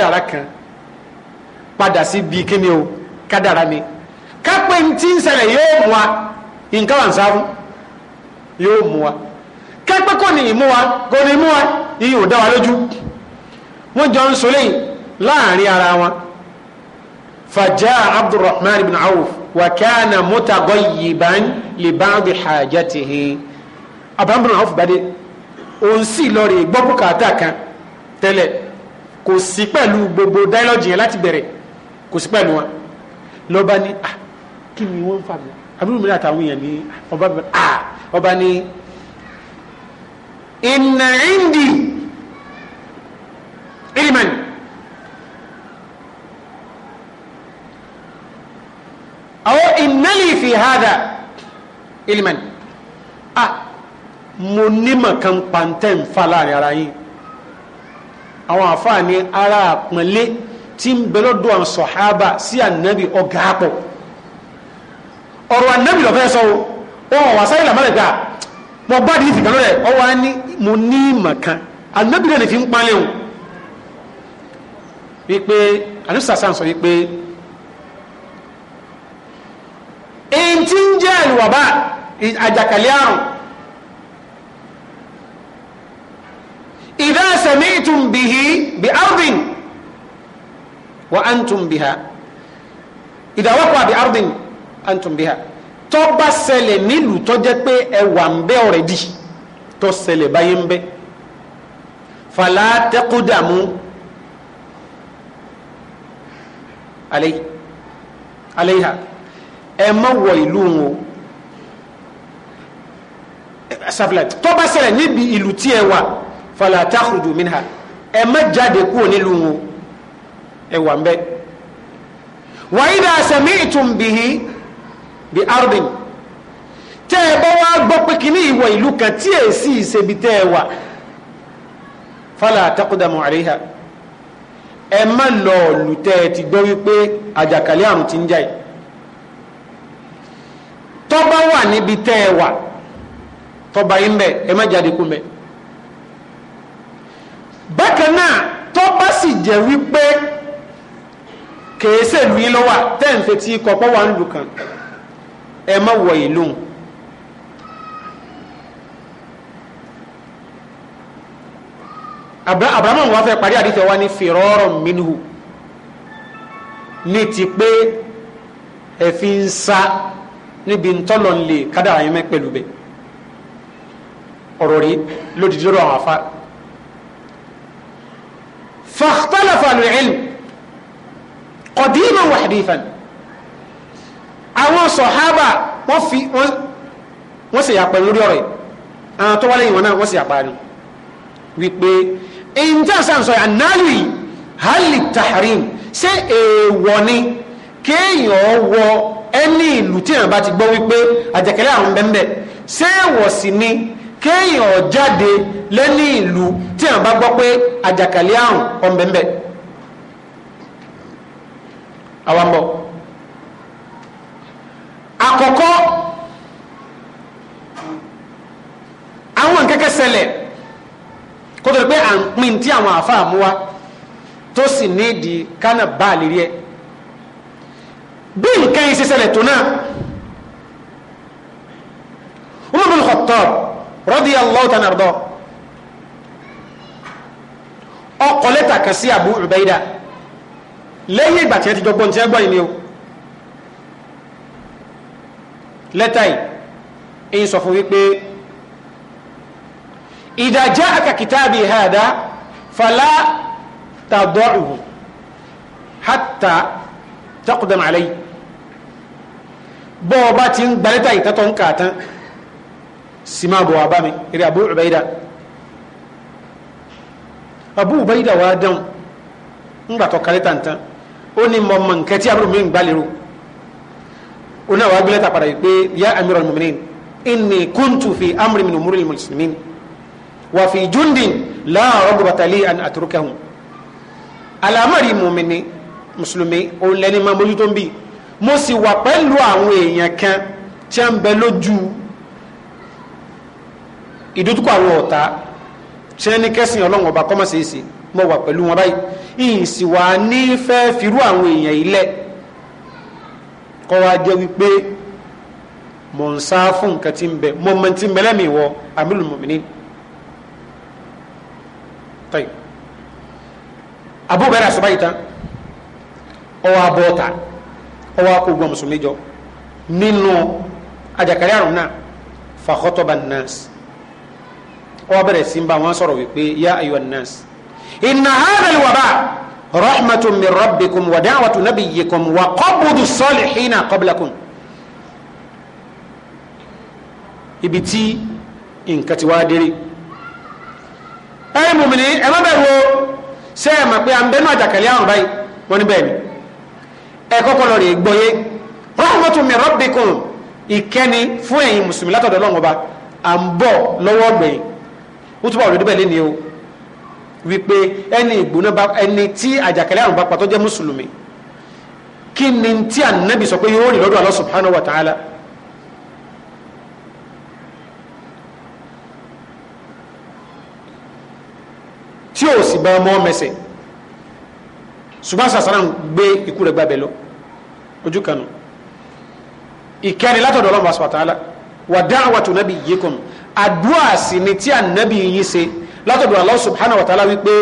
padà sí bíi kíni o kádàrá ni kápẹ́ tí ń ṣẹlẹ̀ yóò mú wa nǹkan wà ń sáfún yóò mú wa kápẹ́ kò ní ìmú wa kò ní ìmú wa iye ò dá wa lójú wọ́n jọ ń sọ lẹ́yìn láàrin ara wọn fàjá abdulrahman ibn awf wa kana mutagayyiban li ba'di hajatihi abdulrahman ibn awf bade òun sì lọ gbọ́ bùkátà kan tẹ́lẹ̀ kò sí pẹ̀lú gbogbo dáílọ́jì yẹn láti bẹ̀rẹ̀ kò sí pẹ̀lú wọn lọ́ba ní à ah, kí ni wọ́n ń fà mí àbúrò mi àtàwọn èèyàn ní ah, ọba mi à ah, ọba ní inna indi ilman aw inna li fi hada mo nímọ̀ kan pàǹtẹ̀ ń fa láàrin ara yín àwọn àfáà ní ara àpọ́nlé tí ń bẹ lọ́dọ̀ àwọn sọ̀hábà sí ànábì ọ̀gá pọ̀ ọ̀rọ̀ ànábì lọ́fẹ́ sọ o wọn wà sáyé làmọ́lẹ̀ gbà mọ bá di ìfìkan lọ́rẹ̀ ọwọ́ á ní mo ní ìmọ̀ kan ànábì náà ní fi ń palẹ̀ o wípé àníṣà sáà sọ wípé èyí tí ń jẹ́ àlùwàbá àjàkálẹ̀ àrùn ìdá sami'tum bihi bi ardin wa antum biha ìdáwọ́pọ̀ àbí ardin antum biha tó bá ṣẹlẹ̀ nílùú tó jẹ́ pé ẹwà ń bẹ ọ̀rẹ́dì tó ṣẹlẹ̀ báyé ń bẹ fàlà tẹ́kùdàmú aléyà ẹ má wọ ìlú wọn safilati tó bá ṣẹlẹ̀ níbi ìlú tí ẹ wà fàlà tẹ́kùdù minha ẹ má jáde kúrò nílùú wọn ẹwà ń bẹ wàyídà sami'tum bihi bi ardin tẹ́ ẹ bá wá gbọ́ pé kí ní ìwọ ìlú kan tí ẹ sì ṣebi tẹ́ ẹ wà fala taqdamu alayha ẹ má lọ ọ̀lù ẹ ti gbọ́ wípé àjàkálẹ̀ àrùn ti ń jà yìí tọ́ba wà níbi tẹ́ ẹ wà tọba yín bẹ ẹ má jáde kú mẹ́ bákan náà tọ́ba sì jẹ́ wípé kèése lu yín lọ́wọ́ tẹ́ǹfẹ̀ tí kọ̀pọ̀ wà ń lù kàn ẹ má wọ̀ yìí lóhùn. abrahamu wá fẹ́ parí àdìsẹ́ wa ní fìrọ́rọ̀ minhu ní ti pé ẹ ń sa níbi ntọ́lọ̀ ń lè kádàrá yín mẹ́ pẹ̀lú bẹ́ẹ̀ ọ̀rọ̀ rí lódìdí lọ́rọ̀ àwọn afá. fàtàlàfà lè ilm qadiman wa hadithan àwọn sọ̀hábà wọ́n fi wọ́n sì yàpẹ̀ lórí ọ̀rọ̀ àwọn tó wá lẹ́yìn wọn náà wọ́n sì yàpẹ̀ rí wípé èyí tí a sàn sọ ànálù yìí hali tahrim ṣé èèwọ̀ ni kéèyàn wọ ẹni ìlú tí àwọn bá ti gbọ́ wípé àjẹkẹ́lẹ́ àwọn bẹ́ńbẹ́ ṣé èèwọ̀ sì ni kéèyàn jáde lẹ́ni ìlú tí àwọn bá gbọ́ pé àjàkálẹ̀ àwọn ọ̀nbẹ̀ńbẹ́ àwàmọ̀ àkọ́kọ́ àwọn kẹ́kẹ́ ṣẹlẹ̀ kó tó di pé à ń pin tí àwọn àáfàá mú wa tó sì ní ìdí kánà bá lè rí Umar bin Khattab radiyallahu ta'ala anhu ọkọ̀ lẹ́tà kan Abu Ubaida lẹ́yìn ìgbà tí wọ́n ti jọ gbọ́n tí wọ́n gbọ́ yìí ni o lẹ́tà yìí ń sọ fún wípé idha ja'aka kitabi hada fala tad'uhu hatta taqdam alayhi bọ́ ọba ti ń gba lẹ́tà yìí tọ́tọ́ ń kà tán sì máa bọ̀ wá mi eré Abu Ubaida Abu Ubaida wá dáhùn ńgbà tó ka lẹ́tà ó ní mọ mọ nǹkan tí àbúrò mi ń gbá lérò ó náà wàá gbélé tàpàdà yìí pé yá amiral muminin inni kuntu fi amri min umuri muslimin wa fi jundin la ragbata li an atrukahum alamari mumini mùsùlùmí òun lẹni máa mójútó ń bì mo sì wà pẹ̀lú àwọn èèyàn kan tí a ń bẹ lójú ìdójúkọ àwọn ọ̀tá tí ẹni kẹsìn ọlọ́run ọba kọ́mọ̀ sí í mo wà pẹ̀lú wọn báyìí ìyìn sì wà ní fẹ́ firú àwọn èèyàn ilẹ̀ kọ́ wa jẹ́ wípé mò ń sá fún nǹkan tí ń bẹ mo mọ tí ń bẹ lẹ́mìí wọ amílù mọ̀mìnì tọ́yì abúbẹ̀rẹ̀ àṣọ tán ọwọ́ abọ́ta ọwọ́ akógbó mùsùlùmí jọ nínú àjàkálẹ̀ àrùn náà fa khotoba nas ọwọ́ bẹ̀rẹ̀ sí ń bá wọn sọ̀rọ̀ wípé yá ayọ̀ nas. إن هذا الوباء رحمة من ربكم ودعوة نبيكم وقبض الصالحين قبلكم ibiti nkan ti wá dérè ẹ̀yin ẹ má bẹ̀rù o ṣe é mọ̀ pé à ń bẹnu àjàkálẹ̀ àrùn báyìí wọ́n ní bẹ́ẹ̀ ni ẹ kọ́kọ́ lọ rè gbọ́yé rahmatu min rabbikum ìkẹ́ni fún ẹ̀yin mùsùlùmí látọ̀dọ̀ Ọlọ́run à ń bọ̀ lọ́wọ́ gbẹ̀yìn wọ́n túbọ̀ òdòdó bẹ́ẹ̀ lé ní o wípé ẹni ìgbóná bá ẹni tí àjàkálẹ̀ àrùn bá pa tó jẹ́ mùsùlùmí kí ni tí ànábì sọ pé yóò rí lọ́dọ̀ Allah subhanahu wa ta'ala tí ò sì bá ọmọ mẹsẹ̀ ṣùgbọ́n sàṣàrà ń gbé ikú rẹ̀ gbàbẹ̀ lọ ojú kanu ìkẹrin látọ̀dọ̀ Allah subhanahu wa ta'ala wa da'watu nabiyyikum àdúrà sí ni tí ànábì yìí ṣe látọ̀dọ̀ Allah subhanahu wa ta'ala wípé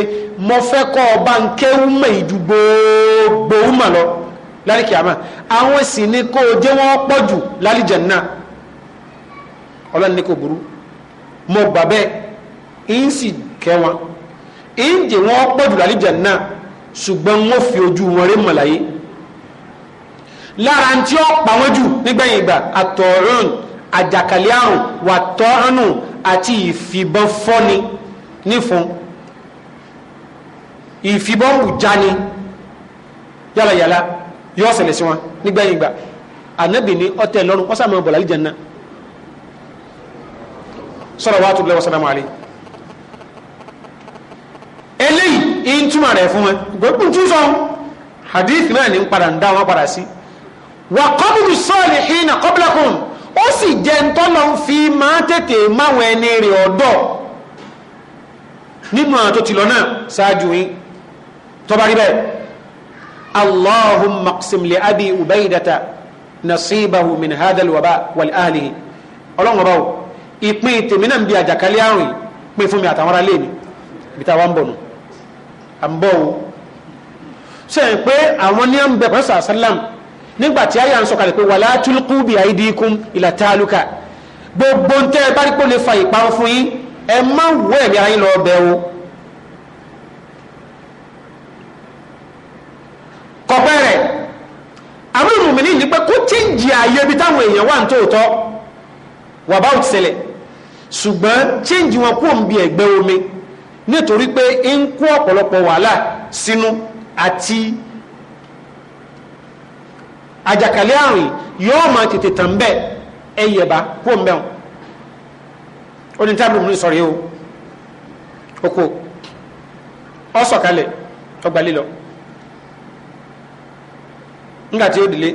mo fẹ́ kọ́ ọba ń kéwú mọ̀ ìdú gbogbo mà lọ lálẹ́ kìámà àwọn sì ní kó o jẹ́ wọ́n pọ̀ jù lálẹ́ jannah ọlọ́run ní kò burú mo gbà bẹ́ẹ̀ ń sì kẹ́ wọn ń jẹ́ wọ́n pọ̀ jù lálẹ́ jannah ṣùgbọ́n wọ́n fi ojú wọn rí mọ̀láyé lára tí ó pa wọ́n jù nígbẹ̀yìn ìgbà àtọ̀rún àjàkálẹ̀ àrùn wàtọ́rùn àti ìfìbọn fọ́ni nífun ìfibọ́ǹbù jani yálàyàlà yóò ṣẹlẹ̀ sí wọn nígbẹ̀yìn gbà ànábì ní ọtẹ lọ́rùn wọ́n sàmì ọ̀bọ̀lá lìjẹ̀ náà salawatullahi wa salamu alayhi eléyìí ń túmọ̀ rẹ̀ fún wọn gbogbo tún sọ hadith náà ní padà ń dá wọn padà sí wà qablu salihina qablakum ó sì jẹ́ ń fi máa tètè máwọn ẹni rẹ̀ ọ̀dọ́ nínú àtò tìlọ náà ṣáájú yín tọba rí bẹ́ẹ̀ allahumma qsim li abi ubaidata nasibahu min hadal waba wal ahlihi ọlọ́run ọba o ìpín tèmi náà ń bi àjàkálẹ̀ àrùn pín fún mi àtàwọn ará léèmí bí táwa ń bọ̀ nù à ń bọ̀ o ṣe é pé àwọn ní à ń bẹ̀ pẹ̀lú sàásálàm nígbà tí àyà ń pé wala tulqu bi aidikum ila taluka gbogbo ń tẹ́ bá rí pé ó lè fa ìparun fún yín E ma wọ ẹ̀mí ayé lọ bẹ o kọ̀pẹ́ rẹ̀ àwọn ìrùmìnì ní pé kó chíǹjì ta ibi táwọn èèyàn wà ní wà bá ṣùgbọ́n chíǹjì wọn kúrò ń bi ẹ̀gbẹ́ omi nítorí pé ń kó ọ̀pọ̀lọpọ̀ wàhálà sínú àti àjàkálẹ̀ àrùn yóò máa oní tábìlì mú sọ̀rọ̀ o oko ọ̀sọ̀kalẹ̀ ọgbà lílọ nígbà tí ó dìle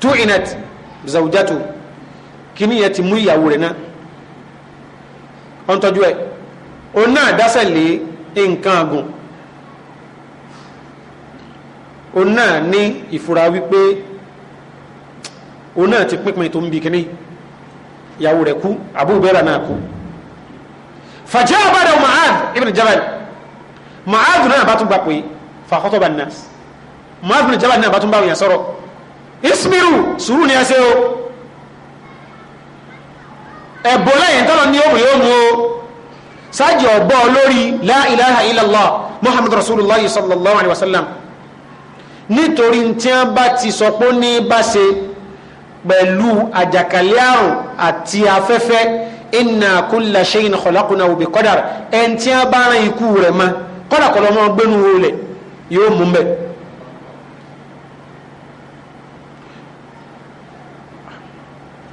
tú inet zawjatu kíní yẹn ti mú ìyàwó rẹ̀ náà ó ń tọ́jú ẹ̀ ó náà dásẹ̀ lé nǹkan àgùn ó náà ní ìfura wípé ó náà ti pínpín tó ń bi kíní yìí ìyàwó rẹ̀ kú Abu Hurairah náà kú fàjá àbádà Mu'adh ibn Jabal Mu'adh náà bá tún gbà pé fàkọ́tọ̀ bá nas Mu'adh ibn Jabal náà bá tún bá òyìn sọ̀rọ̀ ismiru sùúrù ni ẹ ṣe o ẹ̀bọ̀ lẹ́yìn tọ́lọ ní òmù yóò mú o sáàjì la ilaha illallah muhammadu rasulullah sallallahu alaihi wasallam nítorí tí wọ́n ti sọ pé ní bá ṣe pẹ̀lú àjàkálẹ̀ àrùn àti afẹ́fẹ́ inna kulla shay'in khalaqnahu bi qadar ẹni tí a bá rán ikú rẹ̀ mọ́ kọ́dàkọ́dà ọmọ gbẹ́nu wo lẹ̀ yóò mú mbẹ́.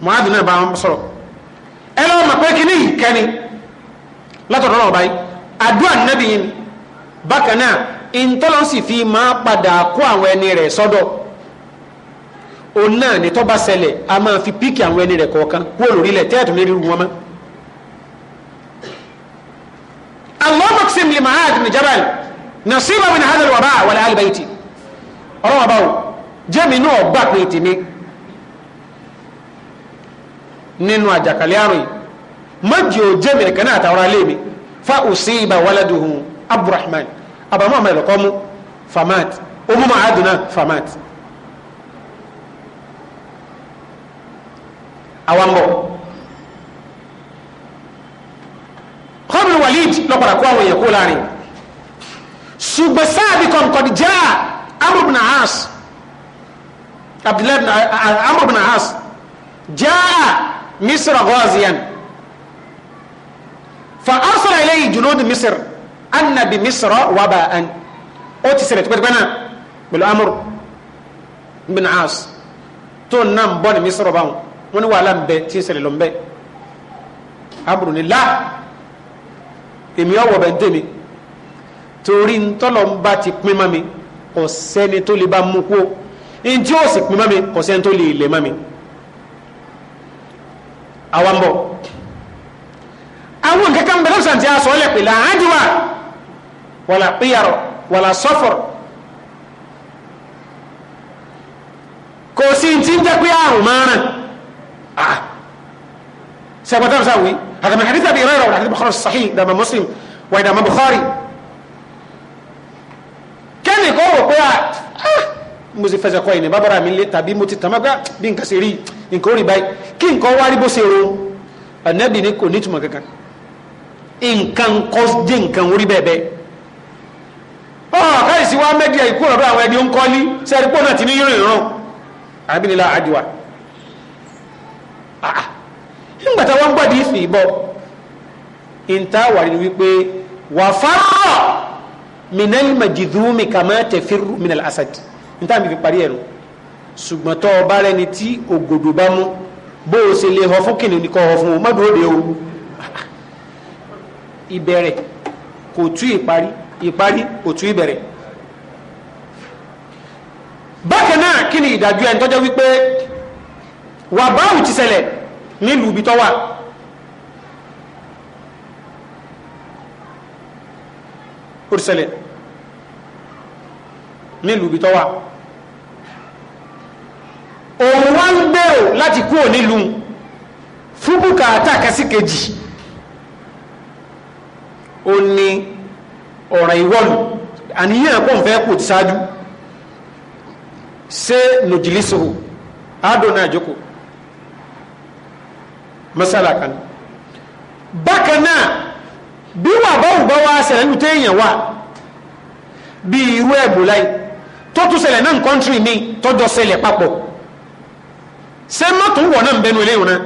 muhammed náà bá wọn sọ̀rọ̀ ẹ lọ́wọ́ mọ̀ pé kíní ìkẹ́ni látọ̀dọ̀ náà báyìí àdúrà nàbìyìn bákan náà ìntọ́lọ́sì fi máa padà kó àwọn ẹni rẹ̀ sọ́dọ̀. So òun náà ní tọ́ba ṣẹlẹ̀ a máa fi píkì àwọn ẹni rẹ̀ kọ̀ọ̀kan kúrò lórílẹ̀ tẹ́ẹ̀tù lórí irú wọn mọ́. Allahumma qsim li Mu'adh bin Jabal nasiba min hadha al-waba' wa li ahli bayti ọ̀rọ̀ wọn bá wò jẹ́mi náà gbà pé tèmi nínú àjàkálẹ̀ àrùn yìí mọ́jì ò jẹ́mi ẹ̀kẹ́ náà àtàwọn alẹ́ mi fa usiba waladuhu Abdurrahman abamọ́ ọmọ ẹ̀lọ́kọ́ mu famat omu Mu'adh náà famat. àwọn bọ̀ kọ́bìnrin Walid lọ́pàdà kó àwọn èèyàn kó láàrin ṣùgbọ́n sáàbì kan kọ̀dí já Amr ibn As Abdullahi eh, Amr ibn As já Misra ghaziyan fa arsala ilayhi junud Misr anna bi Misra waba'an ó ti ṣẹlẹ̀ tipẹ́tipẹ́ náà pẹ̀lú Amr ibn As tó náà ń bọ́ ní Misra báwọn wọ́n ní wàhálà ń bẹ tí ìṣẹ̀lẹ̀ lọ ń bẹ amúrù ní là èmi ọ̀wọ̀ bẹ̀ ń tèmi torí ntọ́lọ̀ ń bá ti pín mọ́ mi kò sẹ́ni tó lè bá mú kú ntí ó sì pín mọ́ mi kò sẹ́ni tó lè lè mọ́ mi àwa ń bọ̀ àwọn kankan bẹ̀rẹ̀ sàǹtì aṣọ ọ̀lẹ̀ pẹ̀lú àádìwà wàlà píyàrọ̀ wàlà sọ́fọ̀rọ̀ kò sí ti ń jẹ́ pé àrùn máa ràn ah sahabat tahu sawi hada min hadis Abi Hurairah hadis Bukhari sahih dan Muslim wa dan Bukhari kẹ́ni kọ́ rò pé ah mo sì fẹsẹ̀ kọ́ ìní bábára mi lé tàbí mo ti tàmá gbá bí nǹkan ṣe rí nǹkan ó rí báyìí kí nǹkan wá rí bó ṣe ro ànábì ni kò nítumọ̀ kankan nǹkan kọ́ dé nǹkan orí bẹ́ẹ̀ bẹ́ẹ̀ ọ̀ọ́ká ìsìwá mẹ́díà ìkú ọ̀dọ́ àwọn ẹni ó ń kọ́lí sẹ́ẹ̀rí pọ̀ náà ti ní yóò rìn rán àbínilá àdìwà nígbà táwọn gbọ́dọ̀ ìfì bọ́ ìta wà ní wípé wà fárọ̀ minal majidumi kàmá tẹ̀fírù minal asad níta mi fi parí ẹ̀rù ṣùgbọ́n tọ́ ọba rẹ ni tí ògòdò bá mú bó o ṣe lè họ fún kìnìún ní kọ́ họ fún o má dúró de o ìbẹ̀rẹ̀ kò tú ìparí ìparí kò tú ìbẹ̀rẹ̀ bákan náà kí ni ìdájọ́ ẹni tọ́jọ́ wípé wà báwù ti ṣẹlẹ̀ nílùú ibi tó wà ó ti ṣẹlẹ̀ nílùú ibi tó wà òun wá ń gbèrò láti kúrò nílùú fún bùkátà kásìkejì ó ní ọ̀rọ̀ ìwọ́lù àníyàn pọ̀ ń fẹ́ kò ti ṣáájú ṣé nòjìlísòwò àádọ́ náà masala kan bákan náà bí wà báwù bá wá ṣẹlẹ̀ nínú téèyàn wà bí irú ẹ̀bù láì tó tún ṣẹlẹ̀ náà kọ́ńtírì mi tọ́jọ́ ṣẹlẹ̀ papọ̀ ṣé mọ́tò ń wọ̀ náà ń bẹnu ilé ìwọ̀n náà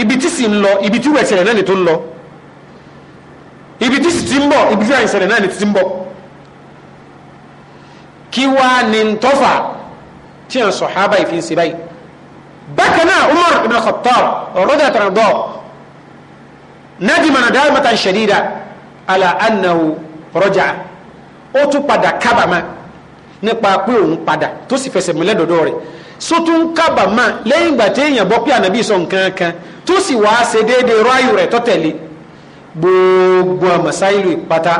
ibi tí sì ń lọ ibi tí wẹ̀ ṣẹlẹ̀ náà ni tó ń lọ ibi tí sì ti ń bọ̀ ibi tí àìṣẹlẹ̀ náà ni ti ń bọ̀ kí wá ni tọ́fà tí à ń sọ̀ hábà ìfi ń ṣe báyìí bákan náà umar ibn khattab rọ́dà tàràdọ́ nadimana daimatan shadida ala annahu rọ́jà ó tún padà kábàámà nípa pé òun padà tó sì fẹsẹ̀ múlẹ̀ dọ̀dọ̀ rẹ̀ sótún kábàámà lẹ́yìn ìgbà tí èèyàn gbọ́ pé ànábì sọ nǹkan kan tó sì wàá ṣe déédéé ráyù rẹ̀ tọ́tẹ̀lé gbogbo àmàsáìlú ìpátá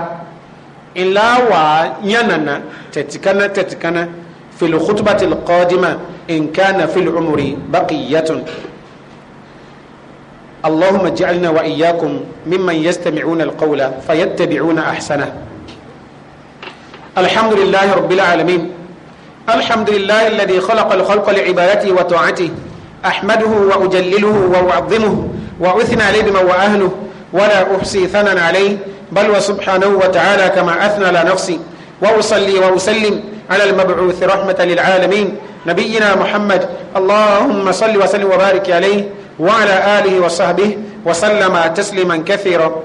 ńlá wàá yànnànà tẹ̀tìkánná tẹ̀tìkánná fèlè kútùbà tẹ̀lẹ̀ إن كان في العمر بقية اللهم اجعلنا وإياكم ممن يستمعون القول فيتبعون أحسنه الحمد لله رب العالمين الحمد لله الذي خلق الخلق لعبادته وطاعته أحمده وأجلله وأعظمه وأثنى عليه بما هو أهله ولا أحصي ثنا عليه بل وسبحانه وتعالى كما أثنى على نفسي وأصلي وأسلم على المبعوث رحمة للعالمين نبينا محمد اللهم صل وسلم وبارك عليه وعلى آله وصحبه وسلم تسليما كثيرا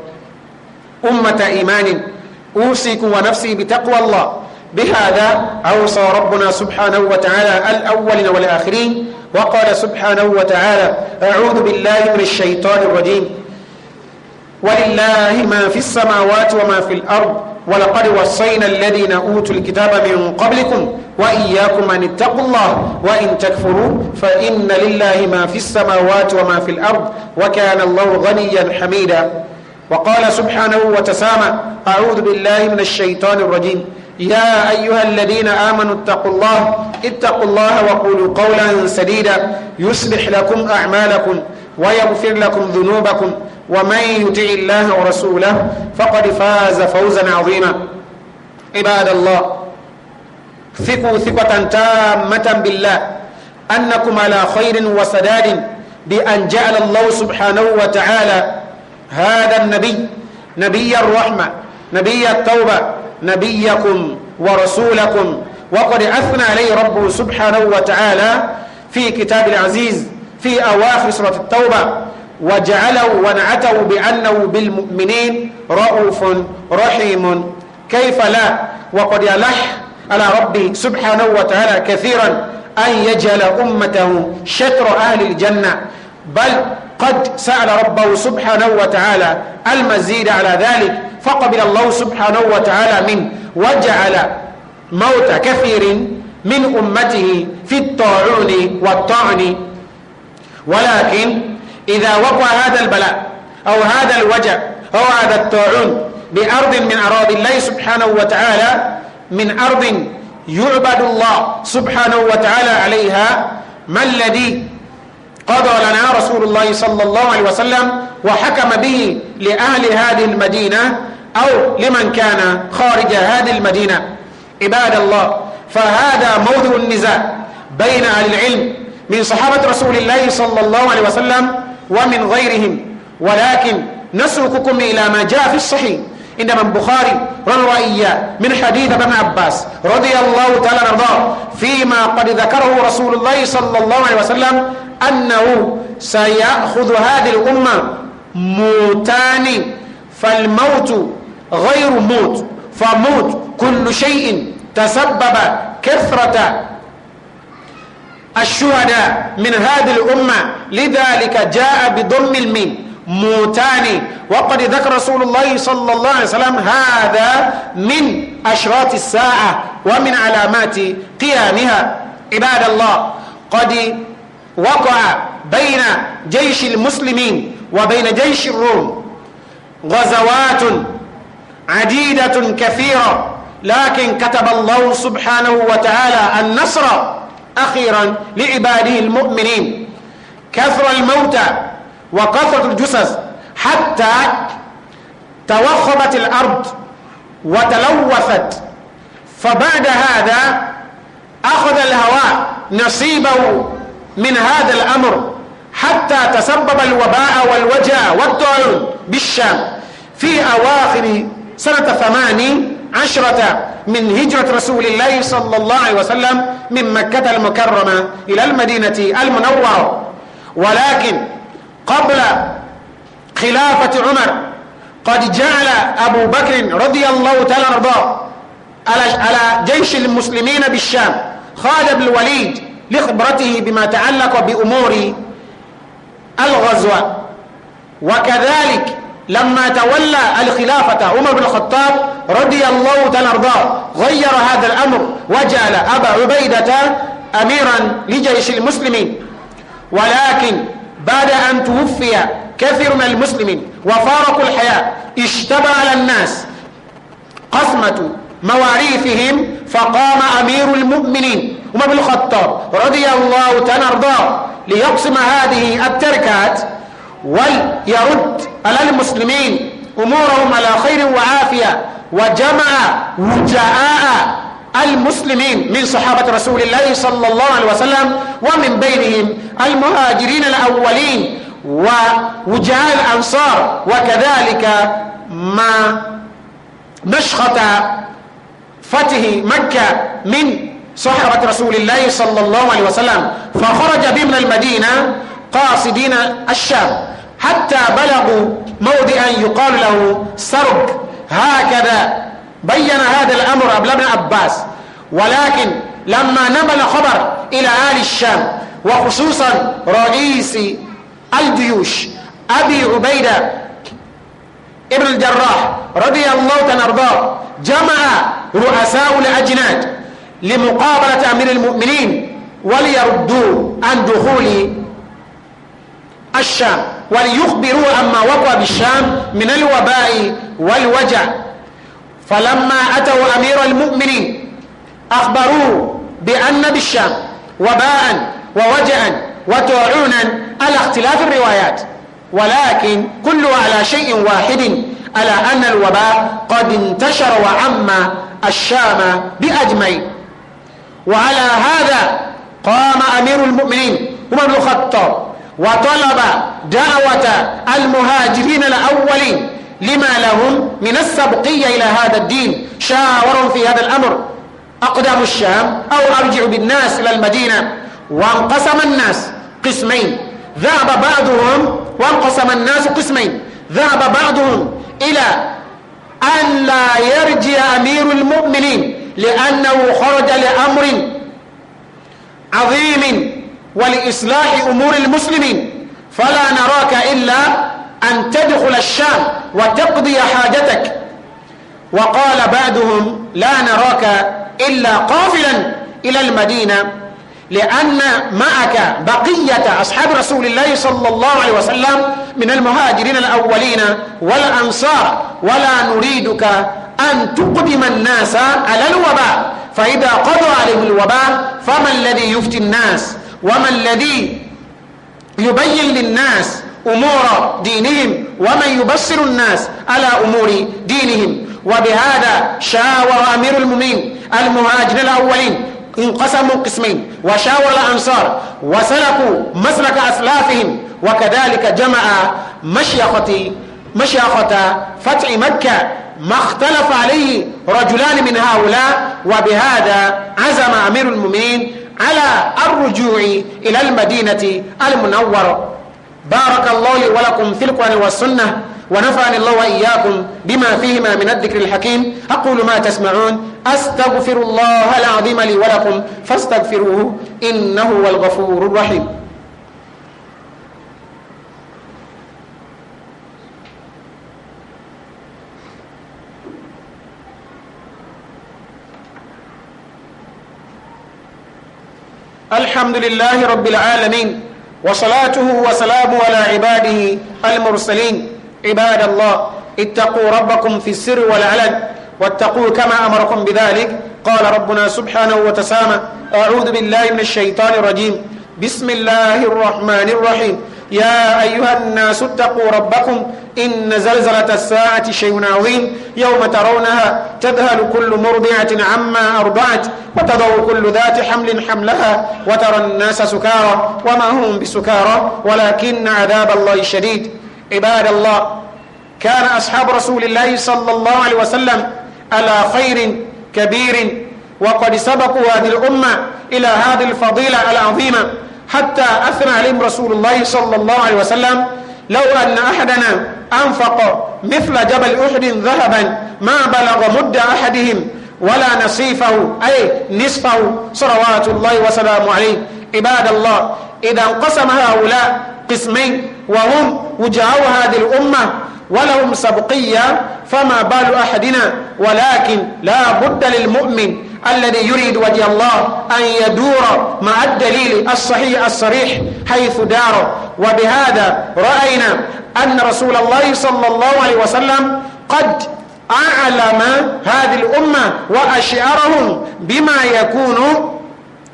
أمة إيمان أوصيكم ونفسي بتقوى الله بهذا أوصى ربنا سبحانه وتعالى الأولين والآخرين وقال سبحانه وتعالى أعوذ بالله من الشيطان الرجيم ولله ما في السماوات وما في الأرض ولقد وصينا الذين أوتوا الكتاب من قبلكم وإياكم أن اتقوا الله وإن تكفروا فإن لله ما في السماوات وما في الأرض وكان الله غنيا حميدا وقال سبحانه وتسامى أعوذ بالله من الشيطان الرجيم يا أيها الذين آمنوا اتقوا الله اتقوا الله وقولوا قولا سديدا يصلح لكم أعمالكم ويغفر لكم ذنوبكم ومن يطع الله ورسوله فقد فاز فوزا عظيما عباد الله ثقوا ثقة تامة بالله أنكم على خير وسداد بأن جعل الله سبحانه وتعالى هذا النبي نبي الرحمة نبي التوبة نبيكم ورسولكم وقد أثنى عليه ربه سبحانه وتعالى في كتاب العزيز في أواخر سورة التوبة وجعلوا ونعتوا بأنه بالمؤمنين رؤوف رحيم كيف لا وقد يلح على ربي سبحانه وتعالى كثيرا أن يجعل أمته شطر أهل الجنة بل قد سأل ربه سبحانه وتعالى المزيد على ذلك فقبل الله سبحانه وتعالى من وجعل موت كثير من أمته في الطاعون والطعن ولكن إذا وقع هذا البلاء أو هذا الوجع أو هذا الطاعون بأرض من أراضي الله سبحانه وتعالى من أرض يعبد الله سبحانه وتعالى عليها ما الذي قضى لنا رسول الله صلى الله عليه وسلم وحكم به لأهل هذه المدينة أو لمن كان خارج هذه المدينة عباد الله فهذا موضوع النزاع بين أهل العلم من صحابة رسول الله صلى الله عليه وسلم ومن غيرهم ولكن نسلككم إلى ما جاء في الصحيح من البخاري روى إياه من حديث ابن عباس رضي الله تعالى عنه فيما قد ذكره رسول الله صلى الله عليه وسلم أنه سيأخذ هذه الأمة موتان فالموت غير موت فموت كل شيء تسبب كثرة الشهداء من هذه الأمة لذلك جاء بضم الميم موتان وقد ذكر رسول الله صلى الله عليه وسلم هذا من أشراط الساعة ومن علامات قيامها عباد الله قد وقع بين جيش المسلمين وبين جيش الروم غزوات عديدة كثيرة لكن كتب الله سبحانه وتعالى النصر أخيرا لعباده المؤمنين كثر الموتى وكثرة الجثث حتى توخبت الأرض وتلوثت فبعد هذا أخذ الهواء نصيبه من هذا الأمر حتى تسبب الوباء والوجع والطعن بالشام في أواخر سنة ثماني عشرة من هجرة رسول الله صلى الله عليه وسلم من مكة المكرمة إلى المدينة المنورة ولكن قبل خلافة عمر قد جعل أبو بكر رضي الله تعالى عنه على جيش المسلمين بالشام خالد بن الوليد لخبرته بما تعلق بأمور الغزوة وكذلك لما تولى الخلافة عمر بن الخطاب رضي الله تعالى ارضاه غير هذا الأمر وجعل أبا عبيدة أميرا لجيش المسلمين ولكن بعد أن توفي كثير من المسلمين وفارقوا الحياة اشتبع على الناس قسمة مواريثهم فقام أمير المؤمنين عمر بن الخطاب رضي الله تعالى ارضاه ليقسم هذه التركات ويرد على المسلمين أمورهم على خير وعافية وجمع وجاء المسلمين من صحابة رسول الله صلى الله عليه وسلم ومن بينهم المهاجرين الأولين ووجهاء الأنصار وكذلك ما نشخة فتح مكة من صحابة رسول الله صلى الله عليه وسلم فخرج بهم المدينة قاصدين الشام حتى بلغوا موضعا يقال له سرب هكذا بين هذا الأمر أبل ابن عباس ولكن لما نبل خبر إلى اهل الشام وخصوصا رئيس الجيوش أبي عبيدة ابن الجراح رضي الله عنه أرضاه جمع رؤساء الأجناد لمقابلة أمير المؤمنين وليردوا عن دخول الشام وليخبروا عما وقع بالشام من الوباء والوجع فلما أتوا أمير المؤمنين أخبروه بأن بالشام وباء ووجعا وتوعونا على اختلاف الروايات ولكن كل على شيء واحد على أن الوباء قد انتشر وعم الشام بأجمعين وعلى هذا قام أمير المؤمنين عمر بن الخطاب وطلب دعوة المهاجرين الأولين لما لهم من السبقية إلى هذا الدين شاورهم في هذا الأمر أقدم الشام أو أرجع بالناس إلى المدينة وانقسم الناس قسمين ذهب بعضهم وانقسم الناس قسمين ذهب بعضهم إلى أن لا يرجع أمير المؤمنين لأنه خرج لأمر عظيم ولإصلاح أمور المسلمين فلا نراك إلا أن تدخل الشام وتقضي حاجتك وقال بعضهم لا نراك إلا قافلا إلى المدينة لأن معك بقية أصحاب رسول الله صلى الله عليه وسلم من المهاجرين الأولين والأنصار ولا نريدك أن تقدم الناس على الوباء فإذا قضى عليهم الوباء فما الذي يفتي الناس وما الذي يبين للناس أمور دينهم ومن يبصر الناس على أمور دينهم وبهذا شاور أمير المؤمنين المهاجرين الأولين انقسموا قسمين وشاور الأنصار وسلكوا مسلك أسلافهم وكذلك جمع مشيخة مشيخة فتح مكة ما اختلف عليه رجلان من هؤلاء وبهذا عزم أمير المؤمنين على الرجوع إلى المدينة المنورة بارك الله لي ولكم في القرآن والسنة ونفعني الله وإياكم بما فيهما من الذكر الحكيم أقول ما تسمعون أستغفر الله العظيم لي ولكم فاستغفروه إنه هو الغفور الرحيم الحمد لله رب العالمين وصلاته وسلامه على عباده المرسلين عباد الله اتقوا ربكم في السر والعلن واتقوا كما أمركم بذلك قال ربنا سبحانه وتسامى أعوذ بالله من الشيطان الرجيم بسم الله الرحمن الرحيم يا أيها الناس اتقوا ربكم إن زلزلة الساعة شيء عظيم يوم ترونها تذهل كل مرضعة عما أرضعت وتضع كل ذات حمل حملها وترى الناس سكارى وما هم بسكارى ولكن عذاب الله شديد عباد الله كان أصحاب رسول الله صلى الله عليه وسلم على خير كبير وقد سبقوا هذه الأمة إلى هذه الفضيلة العظيمة حتى أثنى عليهم رسول الله صلى الله عليه وسلم لو أن أحدنا أنفق مثل جبل أحد ذهبا ما بلغ مد أحدهم ولا نصيفه أي نصفه صلوات الله وسلامه عليه عباد الله إذا انقسم هؤلاء قسمين وهم وجعوا هذه الأمة ولهم سبقية فما بال أحدنا ولكن لا بد للمؤمن الذي يريد وجه الله أن يدور مع الدليل الصحيح الصريح حيث دار وبهذا رأينا أن رسول الله صلى الله عليه وسلم قد أعلم هذه الأمة وأشعرهم بما يكون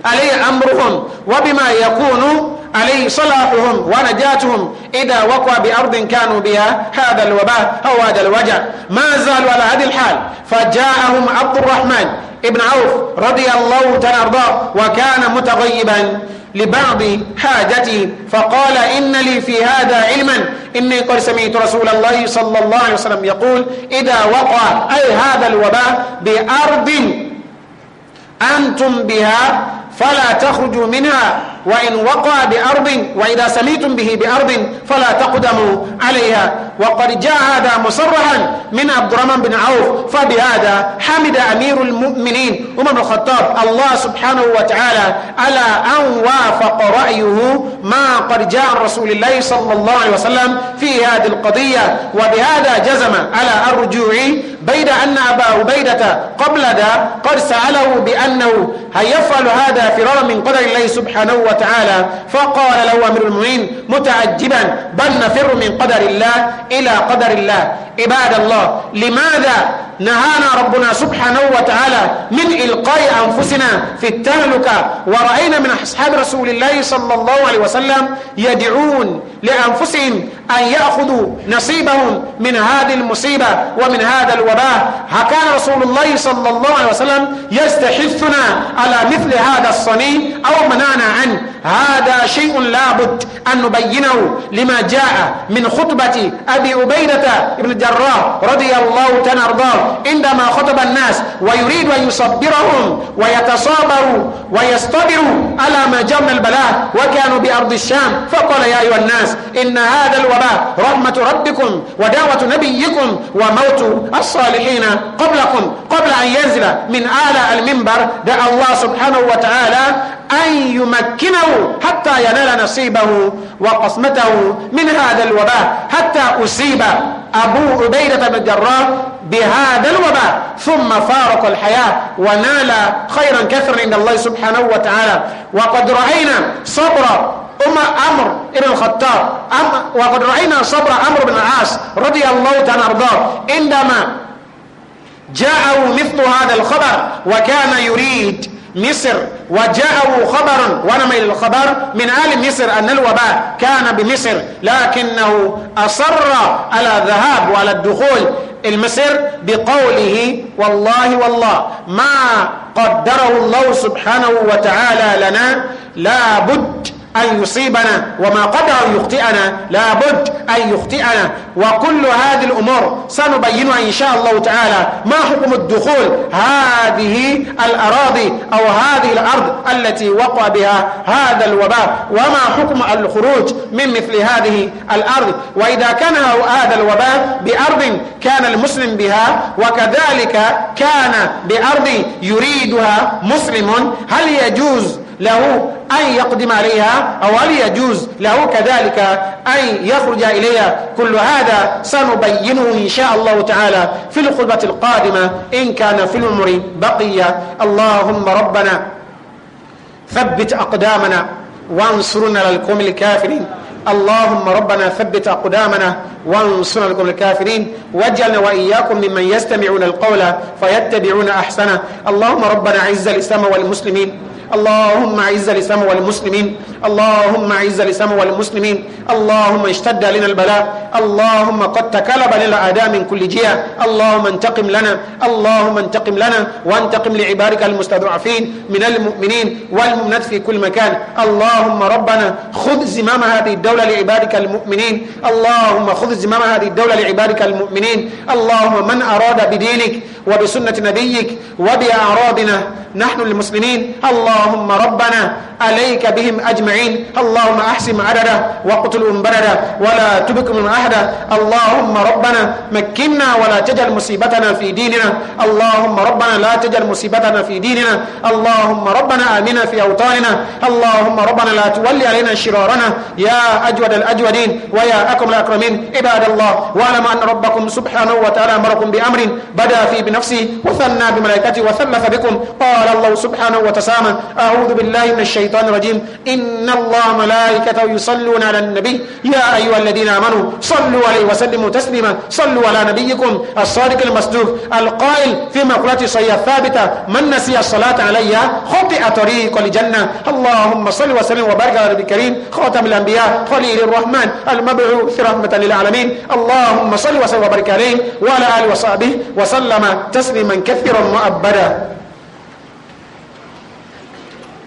عليه أمرهم وبما يكون عليه صلاحهم ونجاتهم إذا وقوا بأرض كانوا بها هذا الوباء أو هذا الوجع ما زالوا على هذه الحال فجاءهم عبد الرحمن ابن عوف رضي الله تعالى ارضاه وكان متغيبا لبعض حاجتي فقال إن لي في هذا علما إني قد سمعت رسول الله صلى الله عليه وسلم يقول إذا وقع أي هذا الوباء بأرض أنتم بها فلا تخرجوا منها وإن وقع بأرض وإذا سليتم به بأرض فلا تقدموا عليها وقد جاء هذا مصرحا من عبد الرحمن بن عوف فبهذا حمد أمير المؤمنين عمر أمم بن الخطاب الله سبحانه وتعالى على أن وافق رأيه ما قد جاء رسول الله صلى الله عليه وسلم في هذه القضية وبهذا جزم على الرجوع بيد أن أبا عبيدة قبل ذا قد سأله بأنه هل يفعل هذا فرارا من قدر الله سبحانه وتعالى فقال له أمير المؤمنين متعجبا بل نفر من قدر الله إلى قدر الله عباد الله لماذا نهانا ربنا سبحانه وتعالى من إلقاء أنفسنا في التهلكة ورأينا من أصحاب رسول الله صلى الله عليه وسلم يدعون لأنفسهم أن يأخذوا نصيبهم من هذه المصيبة ومن هذا الوباء هكان رسول الله صلى الله عليه وسلم يستحثنا على مثل هذا الصنيع أو منعنا عنه هذا شيء لابد أن نبينه لما جاء من خطبة أبي أبيدة بن الجراح رضي الله تعالى عنه عندما خطب الناس ويريد أن يصبرهم ويتصابروا ويصطبروا على ما جمع البلاء وكانوا بأرض الشام فقال يا أيها الناس الناس إن هذا الوباء رحمة ربكم ودعوة نبيكم وموت الصالحين قبلكم قبل أن ينزل من أعلى المنبر دعا الله سبحانه وتعالى أن يمكنه حتى ينال نصيبه وقسمته من هذا الوباء حتى أصيب أبو عبيدة بن الجراح بهذا الوباء ثم فارق الحياة ونال خيرا كثيرا عند الله سبحانه وتعالى وقد رأينا صبر أما أمر بن الخطاب أم وقد رأينا صبر عمرو بن العاص رضي الله تعالى أرضاه عندما جاءه مثل هذا الخبر وكان يريد مصر وجاءه خبرا ونما الخبر من آل مصر أن الوباء كان بمصر لكنه أصر على الذهاب وعلى الدخول المصر بقوله والله والله ما قدره الله سبحانه وتعالى لنا لابد أن يصيبنا وما قدر أن يخطئنا لابد أن يخطئنا وكل هذه الأمور سنبينها إن شاء الله تعالى ما حكم الدخول هذه الأراضي أو هذه الأرض التي وقع بها هذا الوباء وما حكم الخروج من مثل هذه الأرض وإذا كان هذا الوباء بأرض كان المسلم بها وكذلك كان بأرض يريدها مسلم هل يجوز له أن يقدم عليها أو هل يجوز له كذلك أن يخرج إليها كل هذا سنبينه إن شاء الله تعالى في الخطبة القادمة إن كان في العمر بقي اللهم ربنا ثبت أقدامنا وانصرنا للقوم الكافرين اللهم ربنا ثبت أقدامنا وانصرنا لكم الكافرين واجعلنا وإياكم ممن يستمعون القول فيتبعون أحسنه اللهم ربنا عز الإسلام والمسلمين اللهم عز الإسلام والمسلمين اللهم عز الإسلام والمسلمين اللهم اشتد لنا البلاء اللهم قد تكلب لنا الأعداء من كل جهة اللهم انتقم لنا اللهم انتقم لنا وانتقم لعبادك المستضعفين من المؤمنين والمؤمنات في كل مكان اللهم ربنا خذ زمام هذه الدولة لعبادك المؤمنين اللهم خذ زمام هذه الدولة لعبادك المؤمنين اللهم من أراد بدينك وبسنة نبيك وبأعراضنا نحن المسلمين اللهم اللهم ربنا عليك بهم أجمعين اللهم أحسم عددا وقتلهم بردا ولا تبك من أحدا اللهم ربنا مكنا ولا تجعل مصيبتنا في ديننا اللهم ربنا لا تجعل مصيبتنا في ديننا اللهم ربنا آمنا في أوطاننا اللهم ربنا لا تولي علينا شرارنا يا أجود الأجودين ويا أكم الأكرمين عباد الله واعلم أن ربكم سبحانه وتعالى أمركم بأمر بدأ في بنفسه وثنى بملائكته وثلث بكم قال الله سبحانه وتسامى أعوذ بالله من الشيطان الرجيم إن الله ملائكته يصلون على النبي يا أيها الذين آمنوا صلوا عليه وسلموا تسليما صلوا على نبيكم الصادق المصدوق القائل في مقولة صحيحة ثابتة من نسي الصلاة عليها خطئ طريق لجنة اللهم صل وسلم وبارك على النبي الكريم خاتم الأنبياء خليل الرحمن المبعوث رحمة للعالمين اللهم صل وسلم وبارك عليه وعلى آله وصحبه وسلم تسليما كثيرا مؤبدا